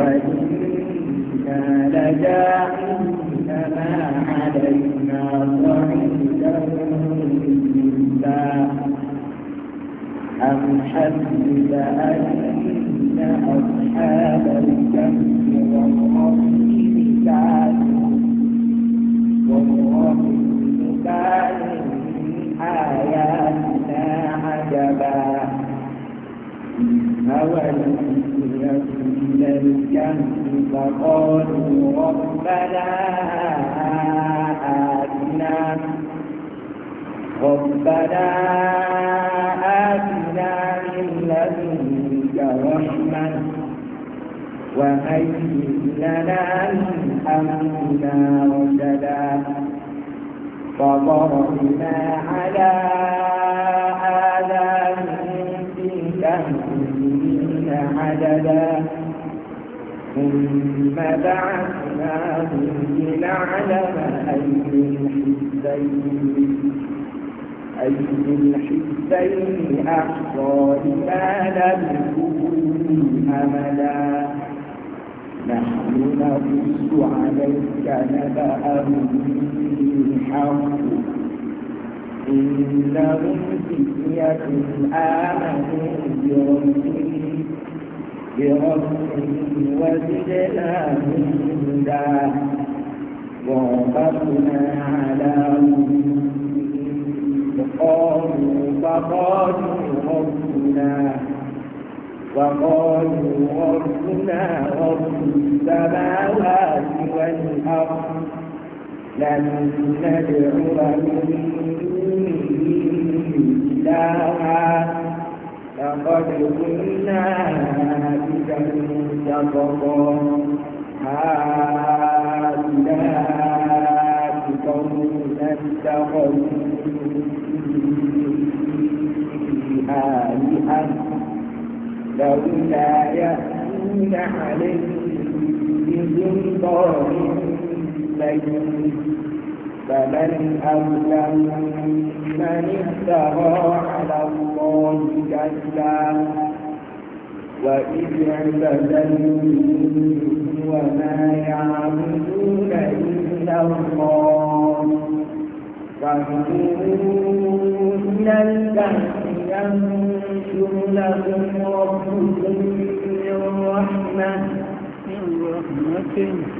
وإنا لجاعلون ما علينا صعيدا جدا أم حسب أن أصحاب الجنة والرحيم كانوا والرحيم كانوا من آياتنا عجبا هو يكن الكهف فقالوا ربنا آتنا ربنا آتنا من لدنك رحمة وهيئ لنا من أمرنا رشدا فضربنا على آه عددا ثم بعثناهم لنعلم أي الحزبين أي الحزين أحصى لما يكن أملا نحن نقص عليك نبأهم بالحق إنهم فتية آمنوا بربهم بربهم وزدنا هدى ووقفنا على قالوا فقالوا ربنا رب السماوات والأرض لن ندعو من دونه إلها لقد كنا إذا انتقضا هؤلاء قوم اتخذوا آلهة لولا يأتون عليهم بسلطان بين فمن أظلم من افترى على الله كذبا وإذ اعتزلوا وما يعبدون إلا الله فاهدوا إلى الكهف ينشر لكم ربكم من رحمة من رحمته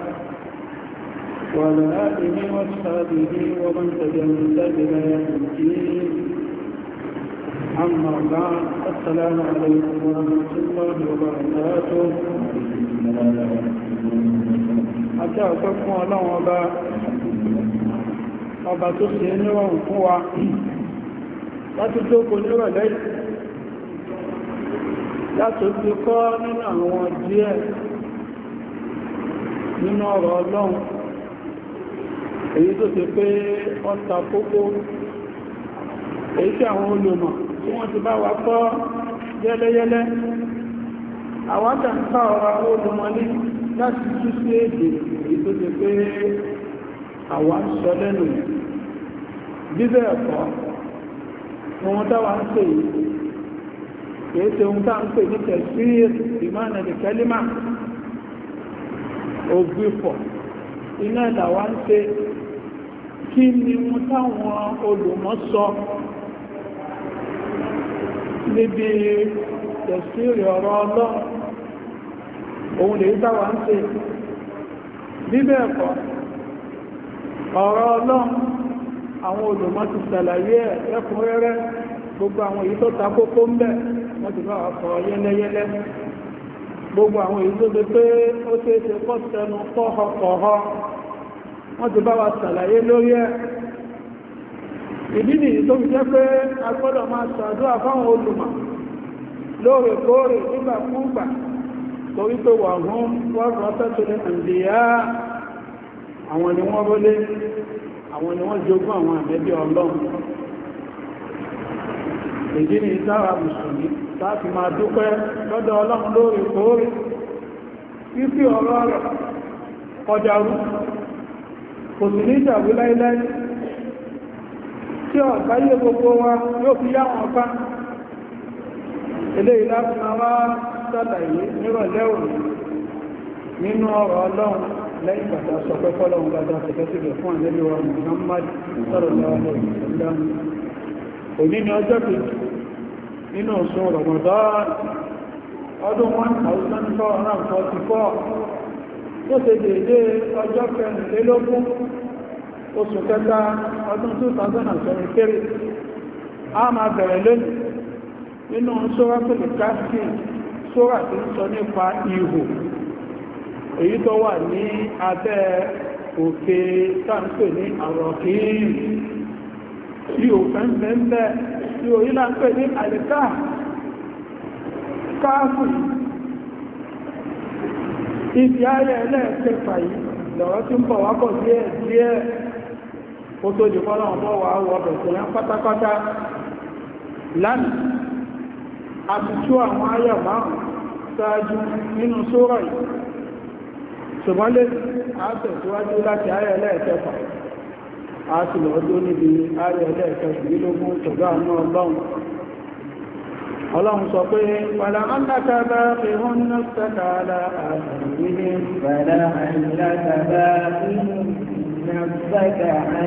وعلى آله وأصحابه ومن تجنب بلا يهديهم أما بعد السلام عليكم ورحمة الله وبركاته حتى أتركوا له أبا أبا تسيني وأنقوع لا تتوقوا نرى لي لا تتوقوا من أهوة جيال من أرى الله èyí tó ti pé ọta kókó èyí tí àwọn olùmọ̀ tí wọ́n ti bá wa kọ́ yẹ́lẹ́yẹ́lẹ́ àwádà ń ká ọ̀rọ̀ olùmọ̀ ní láti tú sí èdè èyí tó ti pé àwa ń sọ lẹ́nu bíbẹ̀ ẹ̀kọ́ ohun táwa ń pè kìí ṣe ohun tá ń pè ní tẹ̀sí ògbìfọ̀ iná ìlàwà ń ṣe kí ni mú táwọn olùmọ̀ sọ níbi tẹ̀síìrì ọ̀rọ̀ ọlọ́run òun lè dáwà ń ṣe bíbẹ̀ ẹ̀kọ́ ọ̀rọ̀ ọlọ́run àwọn olùmọ̀ ti ṣàlàyé ẹ̀kúnrẹ́rẹ́ gbogbo àwọn èyí tó ta kókó ń bẹ̀ wọ́n ti bá yẹ́lẹ́yẹ́lẹ́ gbogbo àwọn èyí tó gbé pé ó ṣeéṣe kọ́ sẹ́nu wọ́n ti bá wa ṣàlàyé lórí ẹ̀ ìdí nìyí tó fi jẹ́ pé a gbọ́dọ̀ máa ṣàdúrà fáwọn olùmọ̀ lóòrèkóòrè nígbàkúgbà torí pé wà hún wọ́n rọ́tẹ́tẹ̀lẹ̀ àndìyà àwọn ni wọ́n rọ́lé àwọn ni wọ́n jogún àwọn àmẹ́bí ọlọ́run èdè ní ìsára mùsùlùmí láti máa dúpẹ́ lọ́dọ̀ ọlọ́run lóòrèkóòrè fífí ọ̀rọ̀ rẹ̀ kọjá rú kò sì ní ìjàwó láíláí tí ọ̀pá yíò gbogbo wa yóò fi yá wọn pa ilé ìlàfún àwá sàtàyé nírọ̀lẹ́ òní nínú ọ̀rọ̀ ọlọ́run lẹ́yìn bàtà sọ pé fọ́lọ́run bàtà sẹ̀kẹ́sìlẹ̀ fún àlẹ́lẹ́ wa Muhammad sọ̀rọ̀ lọ́wọ́ òní ni ọjọ́ kejì nínú oṣù Ramadan ọdún 1444 tó ṣe dédé ọjọ́ kẹrìnlélógún oṣù kẹta ọdún 2023 a máa bẹ̀rẹ̀ lónìí nínú sóra pẹ̀lú káàkiri sóra tí ń sọ nípa ihò èyí tó wà ní abẹ́ òkè táǹpẹ̀ ní àrọ̀kìí tí ò fẹ́ mẹ́mẹ́ tí ò ibi ayẹ ẹlẹ́ẹ̀kẹfà yìí lọ̀rọ̀ tí ń bọ̀ wá bọ̀ díẹ̀ díẹ̀ ó tó di fọ́lá ọ̀pọ̀ wà wọ bẹ̀sẹ̀ yẹn pátápátá lánàá àtútù àwọn ayẹ márùn ṣáájú nínú sóra yìí ṣùgbọ́n lè àtẹ̀síwájú láti a ọlọ́run sọ pé padà ọ́nàkà bá fi hún ní sàkàlà àtàwílé padà ọ́nàkà bá fi hún ní sàkàlà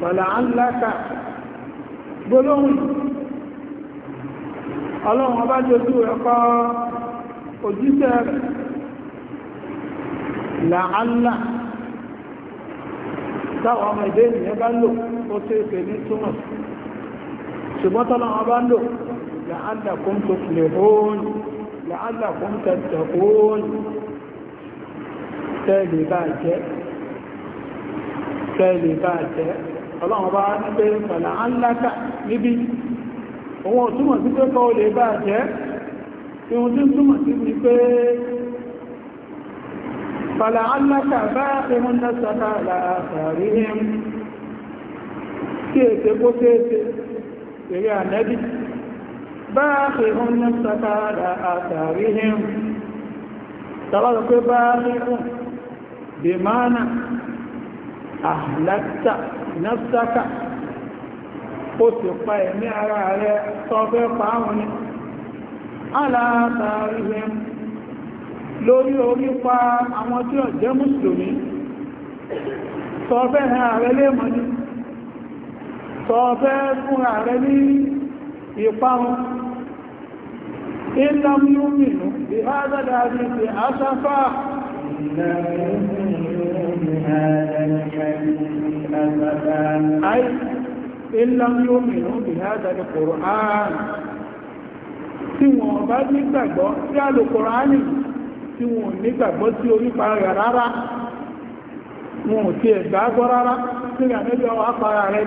padà ọ́nàkà gbólóhùn ọlọ́run ọba jojú ẹ̀kọ́ òjíṣẹ́ làálà táwọn ọmọ ìdé ènìyàn bá lò ó ṣe pè ní túmọ̀ sí ṣùgbọ́n tọ́lọ́ ọba ń lò la'allakum tuflihun la'allakum tattaqun tẹ́lẹ̀ bá jẹ́ tẹ́lẹ̀ bá jẹ́ ọlọ́run bá ní pé pẹ̀lá aláka níbi ohun ọ̀túnmọ̀ sí pé kọ́ olè bá jẹ́ ihun tí túnmọ̀ sí ni pé pẹ̀lá aláka bá ihun lẹ́sàkà láàrín tí èsè kó tẹ́ẹ̀tẹ́ eré ànẹ́bí bá ṣe hún ní sàkàrà àtàrí hìn tàbátà pé bá ṣe hún bí mánà àhàlátà náfsákà ó sì pa ẹ̀mí ara rẹ̀ tọ́fẹ́ pàáhùn ní aláàtàrí hìn lórí orí pa àwọn tí ó mùsùlùmí tọ́fẹ́ hàn ní tọ́ fẹ́ fúnra rẹ ní ìparun ìlàm yúmìnú bí á dáadáa ní ti àṣàfà ìlàm yúmìnú bí á dáadáa Kùrán tí wọ́n bá nígbàgbọ́ tí a lò Kùránì tí wọ́n nígbàgbọ́ tí orípa rẹ̀ rárá wọn ò tí ẹ̀gbàgbọ́ rárá tí ìrànlẹ́bẹ̀ ọwọ́ apára rẹ̀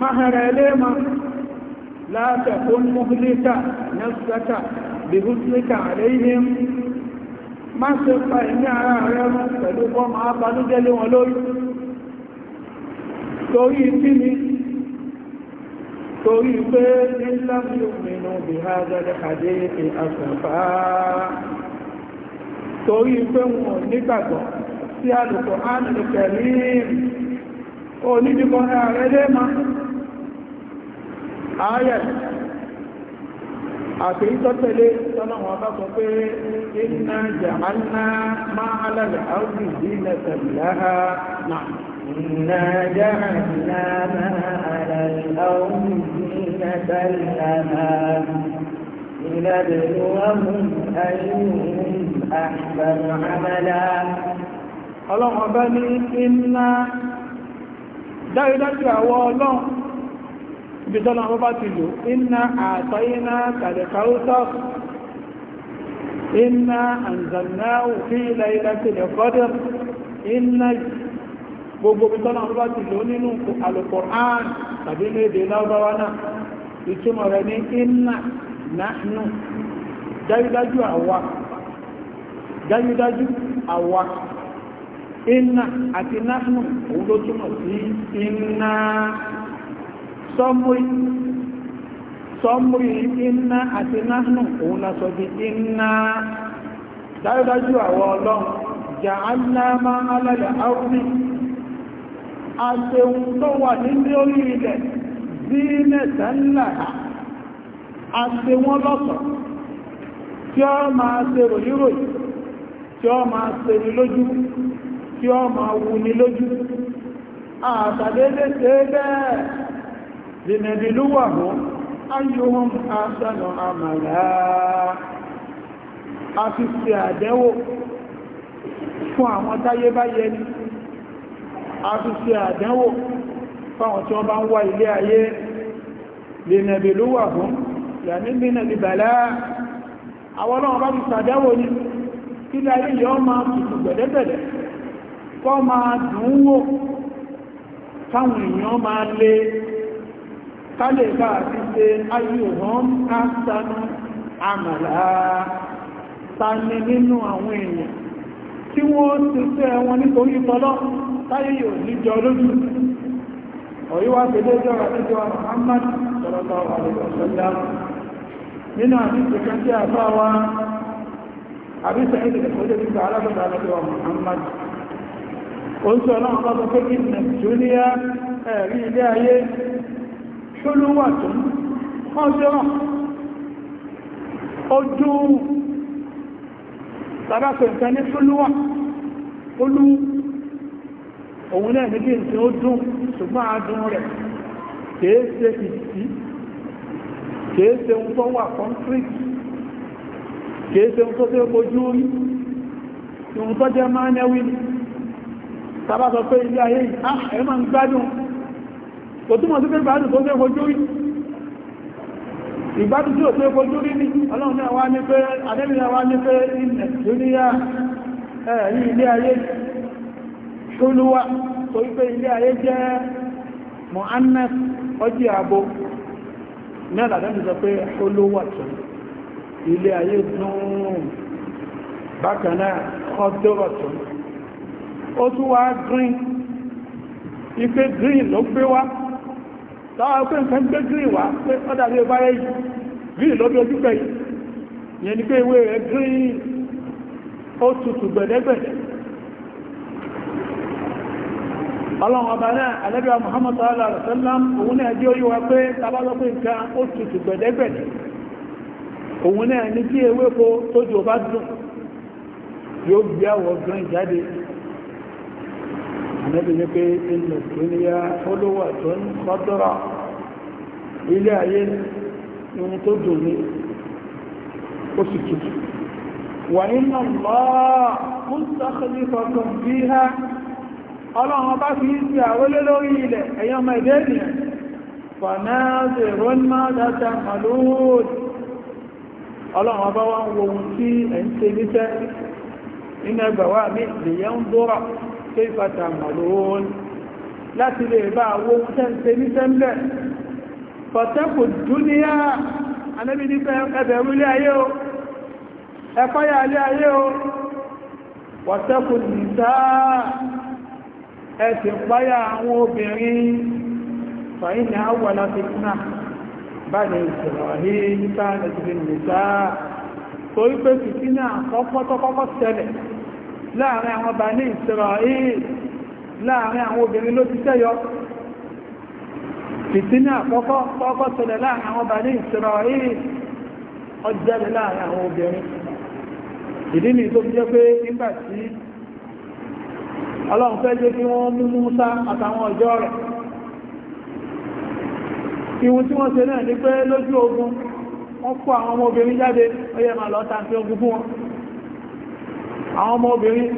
mahara elema la takun muhlika nafsaka bi husnika alaihim má ṣe pa ẹ̀mí ara rẹ̀ mọ́ pẹ̀lú kọ́ máa banújẹ́ lé wọn lórí torí tí ni torí pé nílá mìírànmìnà bí ha gẹ́gẹ́ àdé ìpè torí pé wọn nígbàgbọ́ sí àlùkò ánìkẹ̀rí onídìbọn rẹ̀ lé máa ayat àti ìtọ́tẹ̀lé tọ́lọ́wọ́n bá sọ pé iná jàmánà máa alàlẹ̀ áwùjì dínà tàbíláha náà iná jàmánà máa alàlẹ̀ áwùjì dínà tàbíláha لنبلوهم أيهم أحسن ibi tọ́lọ ọba ti lò iná àtọ́ iná kàlẹ̀kàútọ́ iná àǹzànáwò fi ilẹ̀ ilẹ̀ iná gbogbo ibi tọ́lọ ọba ti lò nínú alùkùrán tàbí ní èdè náà ìtumọ̀ rẹ̀ ní iná náà dájúdájú àwa dájúdájú àwa iná àti náà òun ló sí iná sọmri ina iná àti náà òun la sọ di iná dájúdájú àwọn ọlọ́run jà aláàmà alálẹ̀ áwùrí àtẹ̀hùn tó wà nílé orí ilẹ̀ bí mẹ́ta ńlá àtẹ̀wọ́n lọ́sọ̀ tí ó máa ṣe ròyíròyìn tí ọ máa ṣe ní tí ọ máa wù ní lójú ṣe لنبلوهم أيهم أحسن عملا a fi ṣe àdẹ́wò fún àwọn táyé bá yẹni a fi ṣe àdẹ́wò fáwọn tí wọ́n bá ń wá ilé ayé lè nẹ̀bì ló wà fún yàní bí nẹ̀bì bàlá àwọn náà bá fi ṣàdẹ́wò ní kí láyé yọ́ máa tutù gbẹ̀dẹ́gbẹ̀dẹ́ kọ́ máa dùn èèyàn máa lé kálẹ̀ bá àti ṣe ayòhán ásánú àmàlà tani nínú àwọn èèyàn tí wọ́n ti fẹ́ wọn nítorí tọ́lọ́ táyé yóò níjọ lójú ọ̀yíwá pẹ̀lẹ́jọ́ àtijọ́ Muhammad sọ̀rọ̀tọ̀ àlẹ́gbọ̀sọ́lá nínú àdíṣẹ́ kan tí a bá wá àbíṣẹ́ ṣolówà tó ń ọjọ́ ojú tàbátò ìfẹ́ ní ṣolówà olú òun náà níbi ìsìn ó dùn ṣùgbọ́n adùn rẹ̀ kìí ṣe ìsí kìí ṣe ń tó wà kọ́ntrìtì kìí ṣe ń tó tó ojú orí ìhun tó jẹ́ máa nẹ́wí tàbátò pé ilé ayé ah, ẹ̀mà ń gbádùn kò túnmọ̀ sí pé ìgbádùn tó fẹ́ fojú rí ìgbádùn tí ó fẹ́ fojú rí ní ọlọ́run náà wá ní pé adébìnrin wá ní pé ilẹ̀ lóníyà ẹ̀rí ilé ayé ṣúlúwà tó wípé ilé ayé jẹ́ mohannes ọjí àbò tọ́wọ́ pé nǹkan gbé green wá pé ọ́dà bí lọ green ojú pẹ̀ yìí ni pé ewé rẹ̀ green ó tutù gbẹ̀dẹ́gbẹ̀dẹ́ ọlọ́run ọba náà alẹ́bíà Muhammad sallallahu alaihi wasallam òun náà jẹ́ orí wa pé tabalọ́ pé nǹkan ó tutù gbẹ̀dẹ́gbẹ̀dẹ́ òun náà ní kí ewéko tójú ọba dùn yóò gbé àwọ̀ green jáde ànábì ní pé inú dunya hulwatun khadra ilé ayé ní tó dùn ní ó sì tutù wà inna Allah mustakhlifakum fiha ọlọ́run bá fi sí àwọlé lórí ilẹ̀ ẹ̀yàn ọmọ ìdẹ́ ènìyàn fànáàzì rọ́nmá dáta màlúùd ọlọ́run bá wá ń wo ohun tí ẹ̀ ń ṣe níṣẹ́ nínú ẹgbàwà mi lèyàn dúrà kayfa ta'malun láti lè bá owó tẹ́ǹtẹ́ ní tẹ́ǹbẹ̀ fọ̀tẹ́kù dúníyà anábi ní ẹbẹ̀rú ilé ayé o ẹkọ́yà ilé ayé o fọ̀tẹ́kù nìta ẹ̀sìn páyà àwọn obìnrin fàyínà awọ́lá fitna bá ní ìsìnrọ̀hí nípa ẹ̀sìn láàrin àwọn Bani Israel láàrin àwọn obìnrin ló ti ṣẹ́yọ fìtínà àkọ́kọ́ kọ́kọ́ tẹ̀lẹ̀ láàrin àwọn Bani Israel ọjẹ́lẹ̀ láàrin àwọn obìnrin ìdí ni tó fi jẹ́ pé nígbà tí ọlọ́run fẹ́ jẹ́ kí wọ́n mú Músá àtàwọn ọjọ́ rẹ̀ ìwọ̀n tí wọ́n ṣe náà ní pé lójú ogun wọ́n kó àwọn ọmọ obìnrin jáde ó yẹ lọ́ta sí ogun fún wọn àwọn ọmọ obìnrin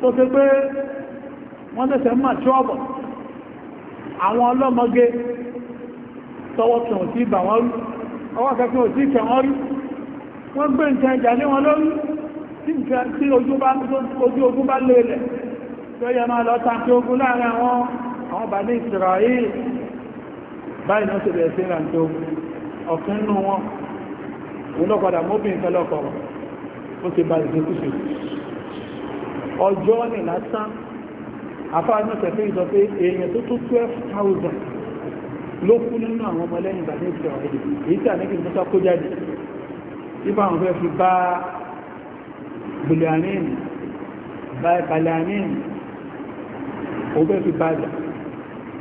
tó ṣe pé wọ́n tẹ́sẹ̀ mọ̀ tí ọ̀bọ̀ àwọn ọlọ́mọge tọwọ́ kí wọ́n sí bà wọ́n rú ọwọ́ kẹfẹ́ ò sí kẹ wọ́n rú wọ́n gbé nǹkan ìjà ní wọn lórí tí ojú ogun bá lélẹ̀ tó yẹ máa lọ tàbí ogun láàrin àwọn àwọn bà ní Israel báyìí náà ṣe bẹ̀rẹ̀ sí ìrìnàjò ọ̀kan nínú wọn òun lọ́padà mọ́bìn kẹlọ́kọ̀ọ́ ó ti ba ìdíkùsù ọjọ́ ní lásán afáàmì tẹ̀fẹ́ ìsọ pé èèyàn tó tó 12,000 ló kú nínú àwọn ọmọ lẹ́yìn ìgbà ní ìfẹ́ ọ̀rẹ́ èyí tí àníkì mọ́ta kó jáde ibà wọn fẹ́ fi bá bùlíàníìnì bá ìbàlíàníìnì òun fẹ́ fi bá jà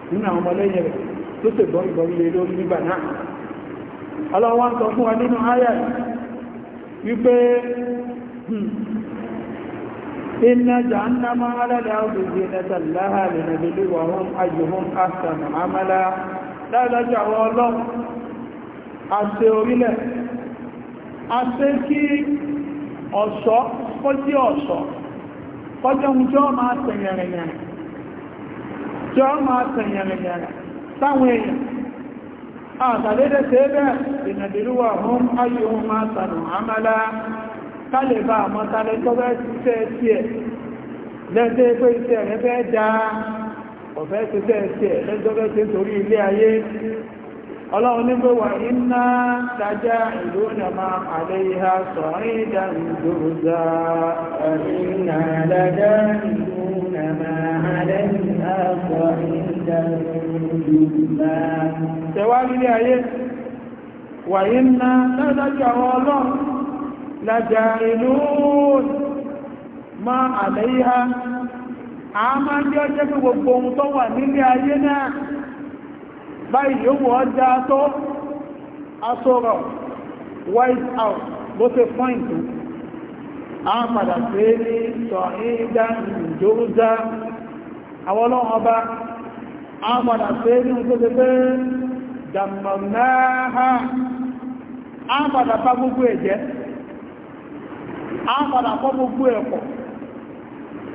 nínú àwọn ọmọ lẹ́yìn rẹ̀ tó sì gbọ́ ìgbọ́lé lórí nígbà náà ọlọ́wọ́n sọ fún wa nínú áyà wípé إن جهنم على الأرض زينة لها لنبلوهم أيهم أحسن عملا dáadájá A ọlọ́run àṣẹ orílẹ̀ àṣẹ kí ọ̀ṣọ́ kọjí ọ̀ṣọ́ ohun máa tẹ̀yẹ̀rẹ̀yẹ̀rẹ̀ tí máa tẹ̀yẹ̀rẹ̀yẹ̀rẹ̀ sáwọn èèyàn àtàlédẹ́ tẹ́ẹ̀bẹ̀ ìnàdìlúwà hún ayé máa tànù àmàlá kálẹ̀ bá àmọ́ tálẹ́ tó bẹ́ ṣiṣẹ́ sí ẹ̀ lẹ́sẹ̀ pé iṣẹ́ rẹ̀ fẹ́ dá ọ̀fẹ́ ṣiṣẹ́ sí ẹ̀ lẹ́jọ́ fẹ́ ṣe torí ilé ayé ọlọ́run ní pé wà iná dájá ìlú ọ̀nàmà àlẹ́ ìhà sọ̀rin ìdánidòròzà iná dájá ìlú ọ̀nàmà àlẹ́ ìhà sọ̀rin ìdánidòròzà ayé wà laja'ilun ma àlẹ́yà a ma ń jẹ́ jẹ́ gbogbo ohun tó wà nílé ayé náà báyìí yóò wọ́n já tó asọ́rọ̀ white house bó ṣe pọ́ìntì a padà pé ní sọ̀hídá ìjórúzá àwọn ọlọ́run a padà pé ní oúnjẹ́ pé ha a padà pa gbogbo ẹ̀jẹ́ a padà gbogbo ẹ̀ pọ̀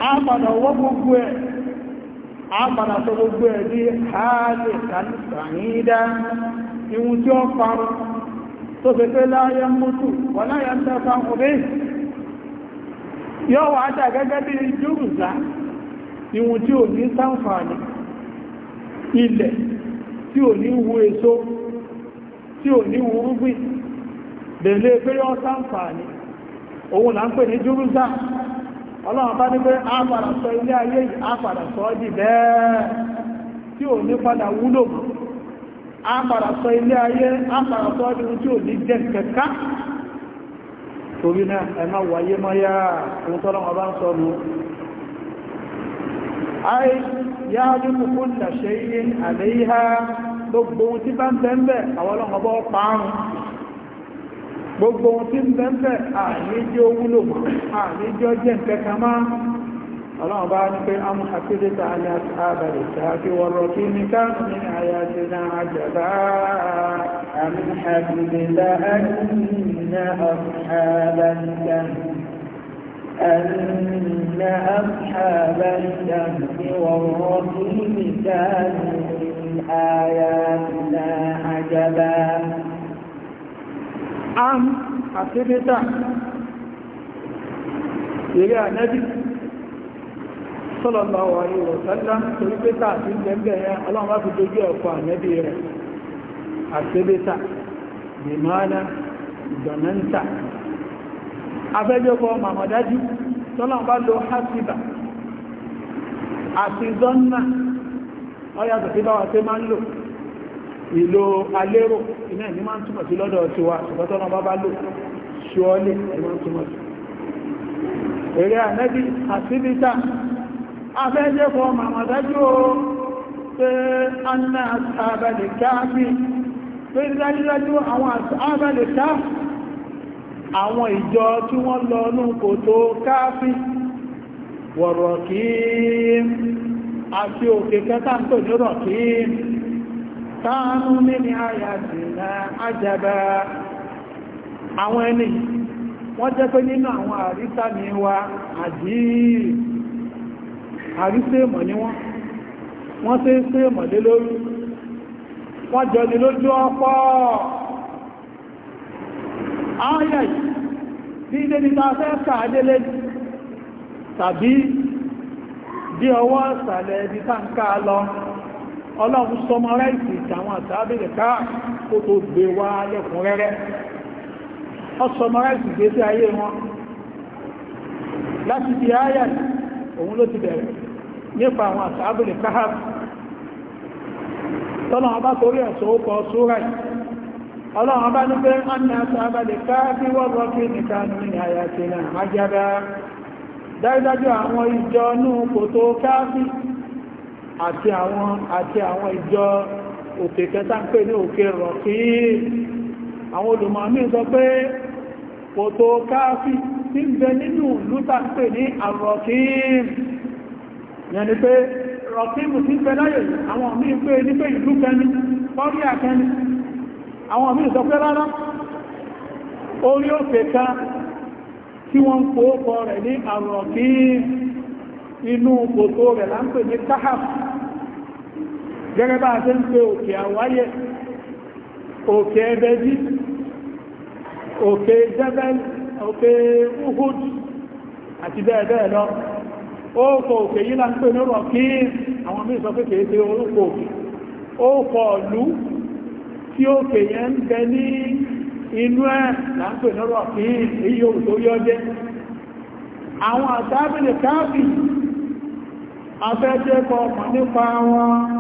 a padà wọ́ gbogbo ẹ̀ a padà sọ ihun tí tó fẹ́ láyé mútù wọ́n láyé ń tẹ́fà ọ̀rẹ́ yọ́ wà dà gẹ́gẹ́ bí jùrùzá ihun tí ní sáǹfààní ilẹ̀ tí ò ní òun là ń pè ní júrúsà ọlọ́run bá ní pé a padà sọ ilé ayé yìí a padà sọ ọ́ bẹ́ẹ̀ tí ò ní padà wúlò a padà sọ ilé ayé a padà sọ ọ́ dì tí ò ní jẹ́ kẹ̀kẹ́ torí náà ẹ wáyé mọ́yá ohun tọ́lọ́run bá ń sọ gbogbo ohun tí ń bẹ́ ń bẹ́ àníjẹ́ owúlò mọ́ àníjẹ́ ọjẹ́ ìtẹ́ka máa ọlọ́run bá ní pé a mú àkídẹ́ta aláàbàlẹ̀ tàbí wọ́rọ̀ kí ní káàkiri ní àyàjẹ́ náà àjẹ́bá àmì àbìlẹ̀ àìyíná àbìlẹ̀ أن أصحاب الشمس والرسول كانوا من آياتنا عجبا am àti iri ànẹ́bí sallallahu alaihi wa sallam torí bíta àti jẹ́gbẹ̀ yẹn ọlọ́run bá fi ẹ̀kọ́ ànẹ́bí rẹ̀ àti bíta nìmọ́ná ìgbọ̀nẹ́ntà afẹ́jọ́gbọ́ màmọ̀dájú tọ́lọ́run bá lo ìlò alérò iná ní máa ń túnmọ̀ sí lọ́dọ̀ ti wa ṣùgbọ́tọ́nà bá bá lò ṣọ́ọ́lẹ̀ ẹ̀mọ́ túnmọ̀ sí eré ànẹ́bí àsíbítà afẹ́jẹ́ fọ́ màmàdájú pé anna àbẹ̀lẹ̀ káàbí pé dájúdájú àwọn àbẹ̀lẹ̀ ká àwọn ìjọ tí wọ́n lọ kánú ní àyàtìlá àjàbá àwọn ẹni wọ́n jẹ́ pé nínú àwọn àrísà ni wa àdíì àrísẹ́ èmọ̀ ní wọ́n wọ́n tẹ́ sí èmọ̀ lé lórí wọ́n jọ ní lójú ọpọ́ ayẹ̀ bí ilé níta fẹ́ kàádélé tàbí bí ọwọ́ ìsàlẹ̀ ibi táǹkà ọlọ́run sọmọ ráìsì ìtàwọn àtàbílẹ̀ ká kó tó gbé wá lẹ́kùn rẹ́rẹ́ ọ sọmọ gbé sí ayé wọn láti fi ayà òun ló ti bẹ̀rẹ̀ nípa àwọn àtàbílẹ̀ ká tọ́nà ọba torí ẹ̀sọ́ ókọ̀ sóra ọlọ́run ọba ní àtàbílẹ̀ ká bí wọ́n kí àti àwọn àti àwọn ìjọ òkè kẹta ń pè ní òkè rọ̀kí àwọn olùmọ̀mí sọ pé pòtò káàfí tí ń bẹ nínú lúta ń pè ní àrọ̀kí yẹni pé rọ̀kí mù tí ń bẹ láyé àwọn míì pé ní pé ìlú kẹni lọ́rí àkẹni àwọn míì sọ pé rárá orí òkè kan tí wọ́n ń pòókọ rẹ̀ ní àrọ̀kí inú pòtò rẹ̀ là ní káàfí gẹ́gẹ́ bá ṣe ń pe òkè àwáyẹ òkè ẹbẹ́bí òkè jẹ́bẹ́l òkè uhud àti bẹ́ẹ̀bẹ́ẹ̀ lọ ókò òkè yí láti pè lórọ̀ kí àwọn mí sọ pé kèé ṣe orúkọ òkè ókò ọ̀lú tí òkè yẹn jẹ́ àwọn nípa wọn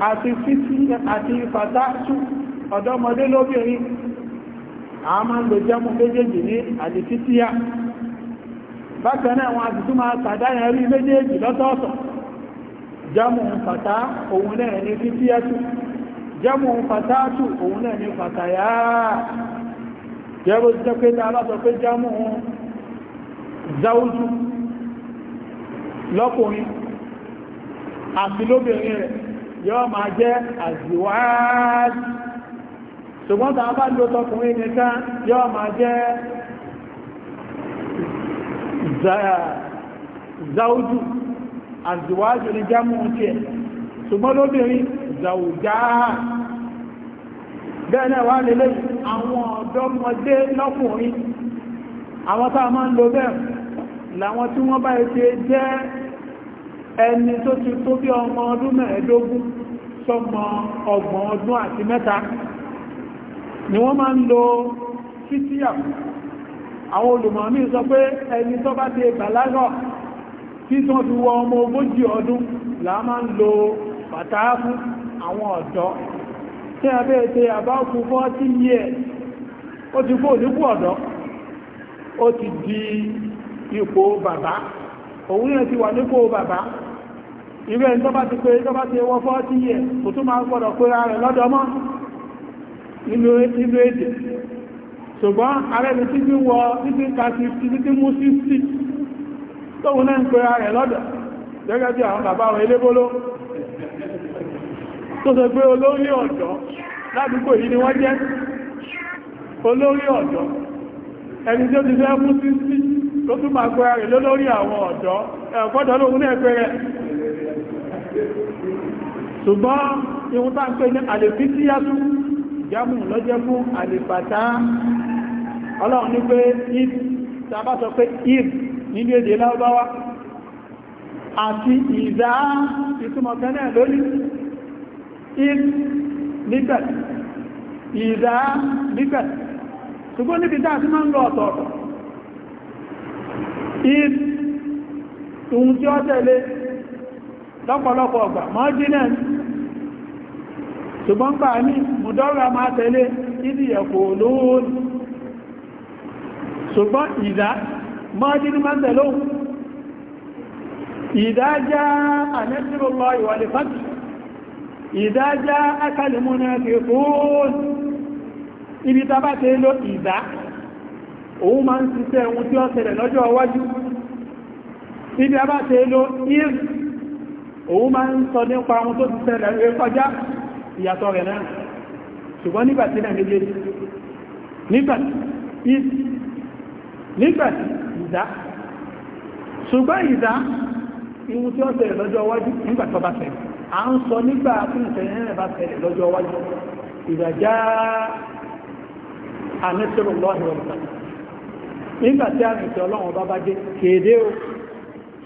àti fífí àti fàtàtù ọ̀dọ́mọdé lóbìnrin a máa ń lò jẹ́mú méjèèjì ní àti fífíyà wọn àti tún máa tàdáyà rí méjèèjì lọ́tọ̀ọ̀tọ̀ jẹ́mú fàtà òun náà ní fífíyàtù jẹ́mú fàtàtù òun náà ní fàtàyà jẹ́rọ ti yóò máa jẹ́ àzíwáàz ṣùgbọ́n tàà bá lò tọkùnrin nìkan yóò máa jẹ́ záújù àzíwáàjù ní jámù tí ẹ̀ ṣùgbọ́n lóbìnrin záújáà bẹ́ẹ̀ wá lélẹ̀ àwọn ọ̀dọ́mọdé lọ́kùnrin àwọn táà máa ń lo bẹ́ẹ̀ làwọn tí wọ́n bá ẹ̀ jẹ́ ẹni tó ti tó bí ọmọ ọdún mẹ́ẹ̀ẹ́dógún sọmọ ọgbọ̀n ọdún àti mẹ́ta ni wọ́n máa ń lo títí àpò àwọn sọ pé ẹni tó bá ti tí tó fi ọmọ ogójì ọdún là máa ń lo bàtà àwọn ọ̀dọ́ tí a bẹ́ẹ̀ tẹ yí ẹ̀ ó ti ọ̀dọ́ ó ti di ipò bàbá ìwé ẹni ti pé tó ti wọ yẹ kò tún máa gbọ́dọ̀ pé ara rẹ̀ mọ́ e, èdè ṣùgbọ́n ààrẹ mi ti wọ títí ka sí títí mú sí sí tóun náà ń pé ara rẹ̀ lọ́dọ̀ gẹ́gẹ́ bí àwọn bàbá elébóló tó sọ pé olórí ọ̀dọ́ ládùúgbò yìí ni wọ́n jẹ́ olórí ọ̀dọ́ ẹni tí ó ti fẹ́ ṣùgbọ́n ihun tá ń pè ní àlèfíṣíyàtú jámù lọ́jẹ́ fún àlèfàtà ọlọ́run ní pé if tàbá sọ pé if nínú èdè lábáwá àti ìdá ìtumọ̀ lórí if nígbẹ̀ ìdá nígbẹ̀ ṣùgbọ́n níbi dáa tí máa ń lọ ọ̀tọ̀ọ̀tọ̀ if ohun tí ọ tẹ̀lé lọ́pọ̀lọpọ̀ ọgbà mọ́ ṣùgbọ́n bá ní mọ̀dọ́rà máa tẹ̀lé ìdí ẹ̀kọ́ olóòrùn ṣùgbọ́n ìdá mọ́jí ní máa tẹ̀lé ohun ìdá já àmẹ́sìrọ̀lọ́ ìwàlẹ̀ fàtí ìdá já akálẹ̀mọ́nà kẹfún ibi tàbá tẹ́ lọ ìdá òun máa ń ṣiṣẹ́ ohun tí ó ṣẹlẹ̀ lọ́jọ́ iwájú ibi tàbá tẹ́ lọ ìr òun máa ń sọ nípa ohun tó ti ṣẹlẹ̀ rẹ̀ ìyàtọ̀ rẹ̀ náà ṣùgbọ́n nígbàtí náà méjèèjì nígbàtí is nígbàtí ìdá ṣùgbọ́n ìdá ihun tí ó ṣẹlẹ̀ lọ́jọ́ iwájú nígbàtí ọba ṣẹlẹ̀ a ń sọ nígbà fún ìṣẹ̀lẹ̀ bá ṣẹlẹ̀ lọ́jọ́ iwájú ìdàjá àmẹ́sẹ̀rọ̀ lọ́hìrọ̀ta nígbàtí àmìsẹ̀ ọlọ́run bá o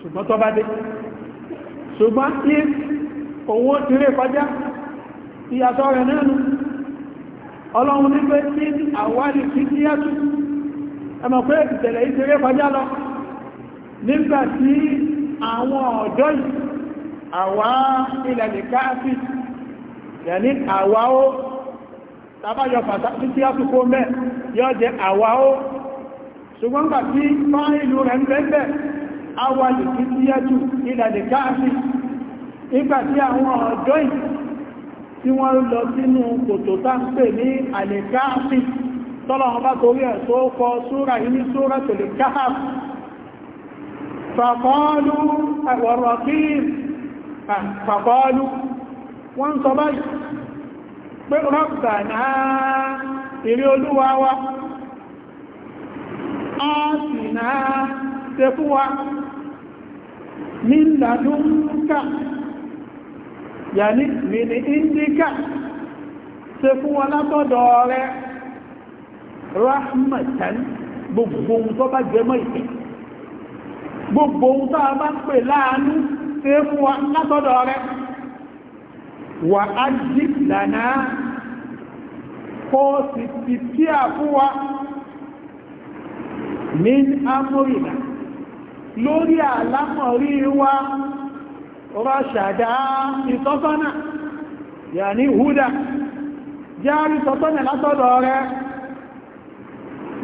ṣùgbọ́n tó bá ṣùgbọ́n ní owó ti ré kọjá ìyàtọ̀ rẹ̀ nẹ́nu ọlọ́run ní pé tí àwárí sí tí yàtù ẹmọ̀ pé ìtẹ̀lẹ̀ ìṣeré kọjá lọ nígbà tí àwọn ọ̀dọ́ yìí àwá ilẹ̀ nìkáàfì yẹni àwá ó tàbájọ pàtàkì tí yàtù kó mẹ́ yọ jẹ àwá ó ṣùgbọ́n gbà tí fán ìlú rẹ̀ ń bẹ́ẹ̀ àwárí sí tí yàtù ilẹ̀ nìkáàfì nígbà tí àwọn ọ̀dọ́ yìí tí wọ́n lọ sínú kòtò táńpè ní àlèkáàfì tọ́lọ̀wọ́n bá torí ẹ̀ tó kọ súra ilé súra tòlè káàfì fàkọ́ọ́lú ẹ̀wọ̀rọ̀kíìm fàkọ́ọ́lú wọ́n sọ báyìí pé rọ́gbà náà ìrí olúwa wa náà tẹ́fúwa ní ìlànà yàní mi ni indika ṣe fún wọn látọ̀dọ̀ rẹ rahmatan gbogbo ohun tó bá jẹmọ́ ìpè gbogbo ohun tó bá pè láàánú ṣe fún wọn látọ̀dọ̀ rẹ wà á jí lànà kó sì ti tí à fún wa min amúrìnà lórí àlámọ̀rí wa rọ́ṣàdá ìtọ́sọ́nà yà ní húdà járí tọ́sọ́nà látọ́dọ̀ rẹ̀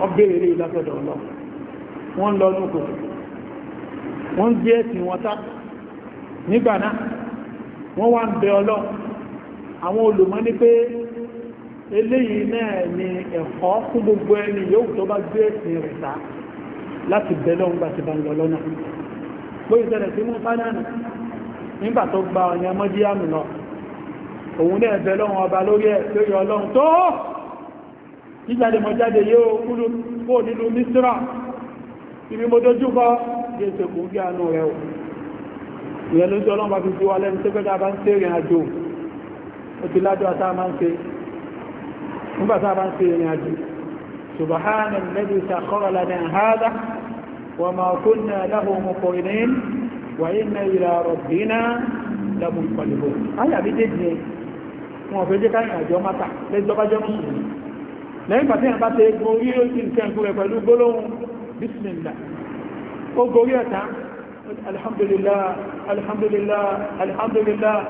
ọgbèrè látọ́dọ̀ lọ wọ́n lọ núkò wọ́n gbé ẹ̀sìn wọn tá nígbà náà wọ́n wá ń bẹ ọlọ́ àwọn olùmọ̀ ní pé eléyìí náà ni ẹ̀kọ́ fún gbogbo ẹni yóò tó bá gbé ẹ̀sìn rẹ̀ tá láti bẹ̀lọ́ ń gbà ti bá ń lọ lọ́nà lóyìn tẹ́lẹ̀ sí mú fánánà nígbà tó gba ọ̀yàn mọ́díyàmù náà òun náà ẹ̀bẹ̀ lọ́wọ́n ọba lórí ẹ̀ lórí ọlọ́run tó jíjáde mọ̀ jáde yóò kúrú kó nínú mísírà ibi mo dojú kọ́ yé ṣe kò gí àánú rẹ̀ o ìyẹn ló ń sọ ọlọ́run bá fi fi وإن إلى ربنا لمنقلبون أي أبي تجني مو في ذلك أنا جمعة ليس لك جمعة لأن بعدين أنا بعدين غوري إن كان كل فلو بلو بسم الله أو غوري أتا الحمد لله الحمد لله الحمد لله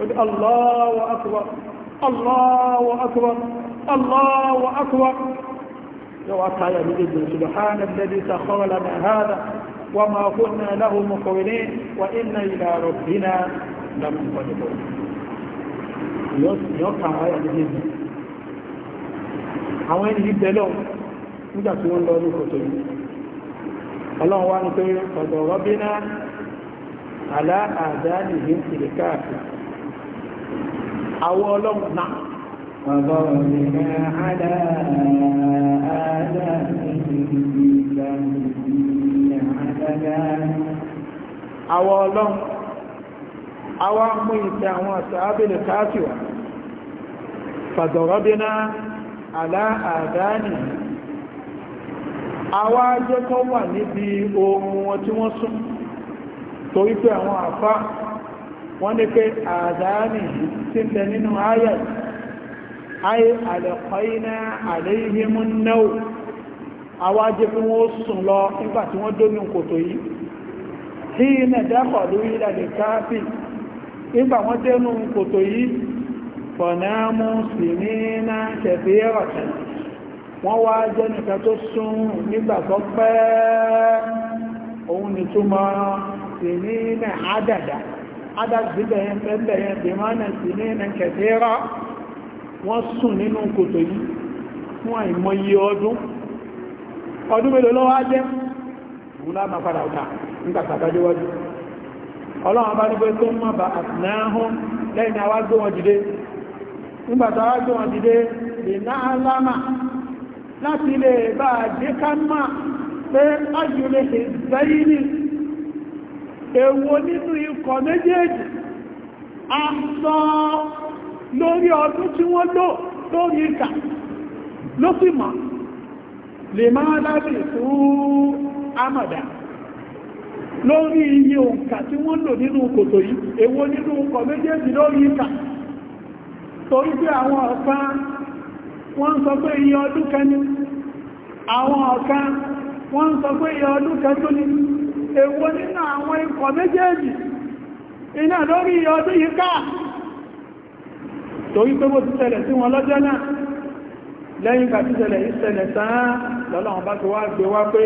الله أكبر الله أكبر الله أكبر لو أتى يا سبحان الذي سخر لنا هذا وَمَا كنا لَهُ مقرنين وَإِنَّ إِلَى رَبِّنَا لمنقلبون yọ́ta ààrẹ àdíjé jù àwọn ẹni yìí bẹ̀lọ́ nígbà tí wọ́n lọ ní kòtò yìí ọlọ́run wá ní pé ọ̀dọ̀ rọ́bínà aláàdáàdì yìí ti lè ọlọ́run náà وضربنا على آذانهم àwọn ọlọ́run àwọn mú ìtẹ́ àwọn àṣàábìlẹ̀ káàkiri fàdọ̀rọ́bíná aláàdáni àwọn ajẹ́kọ́ wà níbi ohun wọn tí wọ́n sún torí pé àwọn àfá wọ́n ní pé àdáni tí ń bẹ nínú ayẹ̀ ayé àlẹ̀kọ́iná àlẹ́yìnmú náà àwájẹ́ fún wọ́n sùn lọ nígbà tí wọ́n dómi kòtò yìí tí iná dákọ̀ lórí ìdàdì káàfì nígbà wọ́n dẹ́nu kòtò yìí fọ̀nàmù sí ní iná kẹfì ẹ̀rọ̀tẹ̀ wọ́n sùn nínú kòtò yìí fún àìmọye ọdún ọdún mélòó lọ́wọ́ á ìwúlá máa padà ọ̀tà nígbàtàbájẹ́wájú ọlọ́run bá nígbé tó mọ́ bá àtìláhún wọn ikọ̀ méjèèjì a lórí ọdún tí wọ́n lò lórí ìkà ló sì mọ̀ lè máa lábì fún amọ̀dá lórí iye òǹkà tí wọ́n lò nínú kòtò yìí nínú ọkọ̀ méjèèjì lórí ìkà torí pé àwọn ọ̀kan wọ́n sọ pé iye ọdún àwọn wọ́n sọ pé iye ọdún torí pé bó ti ṣẹlẹ̀ sí wọn lọ́jọ́ náà lẹ́yìn ìgbà tí ṣẹlẹ̀ yìí ṣẹlẹ̀ sáá lọ́lọ́run bá ti wá gbé wá pé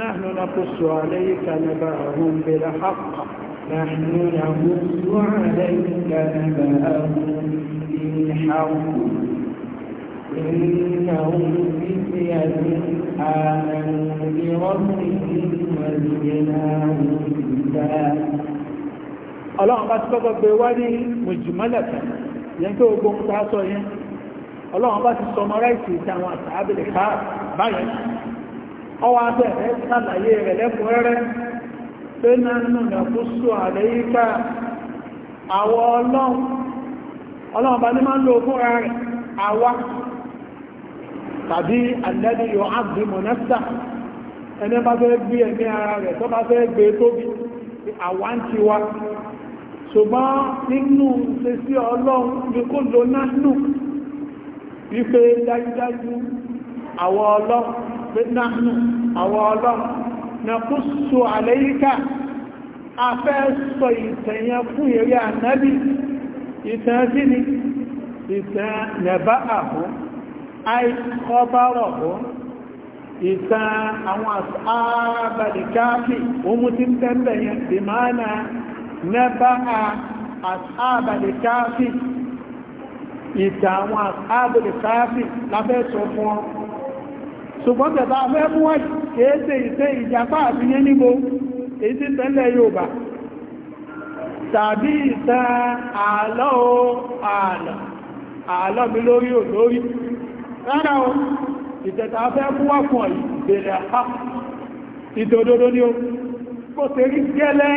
نحن نقص عليك نبأهم بالحق نحن نقص عليك نبأهم بالحق إنهم فتية آمنوا بربهم وزدناهم هدى الله قد سبب بوالي مجملة yẹn tó gbogbo ń sọ yẹn ọlọ́run bá ti sọ ọmọ ráìsì ìta àwọn àtàbílẹ̀ ká báyìí ọwọ́ abẹ́ rẹ̀ sàlàyé rẹ̀ lẹ́kùnrẹ́rẹ́ pé nánú nàkúsù àlẹ́yíká àwọ ọlọ́run bá ní máa ń lo ogún ara rẹ̀ àwa tàbí àlẹ́bí ágbé mọ̀nẹ́sà ẹni bá fẹ́ gbé ẹ̀mí ara rẹ̀ tó bá fẹ́ e wa ṣùgbọ́n nínú ṣe sí ọlọ́run ní kó lò nánú wípé dájúdájú àwọ ọlọ́run pé nánú àwọ ọlọ́run na kó so àlẹ́yíká a fẹ́ sọ ìtẹ̀yẹn fún eré ànábì ìtẹ̀yẹn sí ni ìtẹ̀yẹn nẹ̀bá àbú àìkọ́bárọ̀ ìtẹ̀yẹn àwọn àbàdìkáàfì nẹ́bàá àṣàbàlẹ̀ káàfì ìtà àwọn àṣàbàlẹ̀ káàfì lábẹ́ sọ fún ọ ṣùgbọ́n tẹ̀bá fẹ́ mú wọ́n kéèsè ìṣe ìjàpá àfihẹ́ níbo èyí tí tẹ́lẹ̀ Yorùbá tàbí ìtàn àlọ́ àlọ́ àlọ́ mi lórí ò lórí rárá o ìtẹ̀ta fẹ́ mú wọ́n fún ọ̀ ìbẹ̀rẹ̀ àpá ìtòdodo ni ó kó ṣe rí gẹ́lẹ́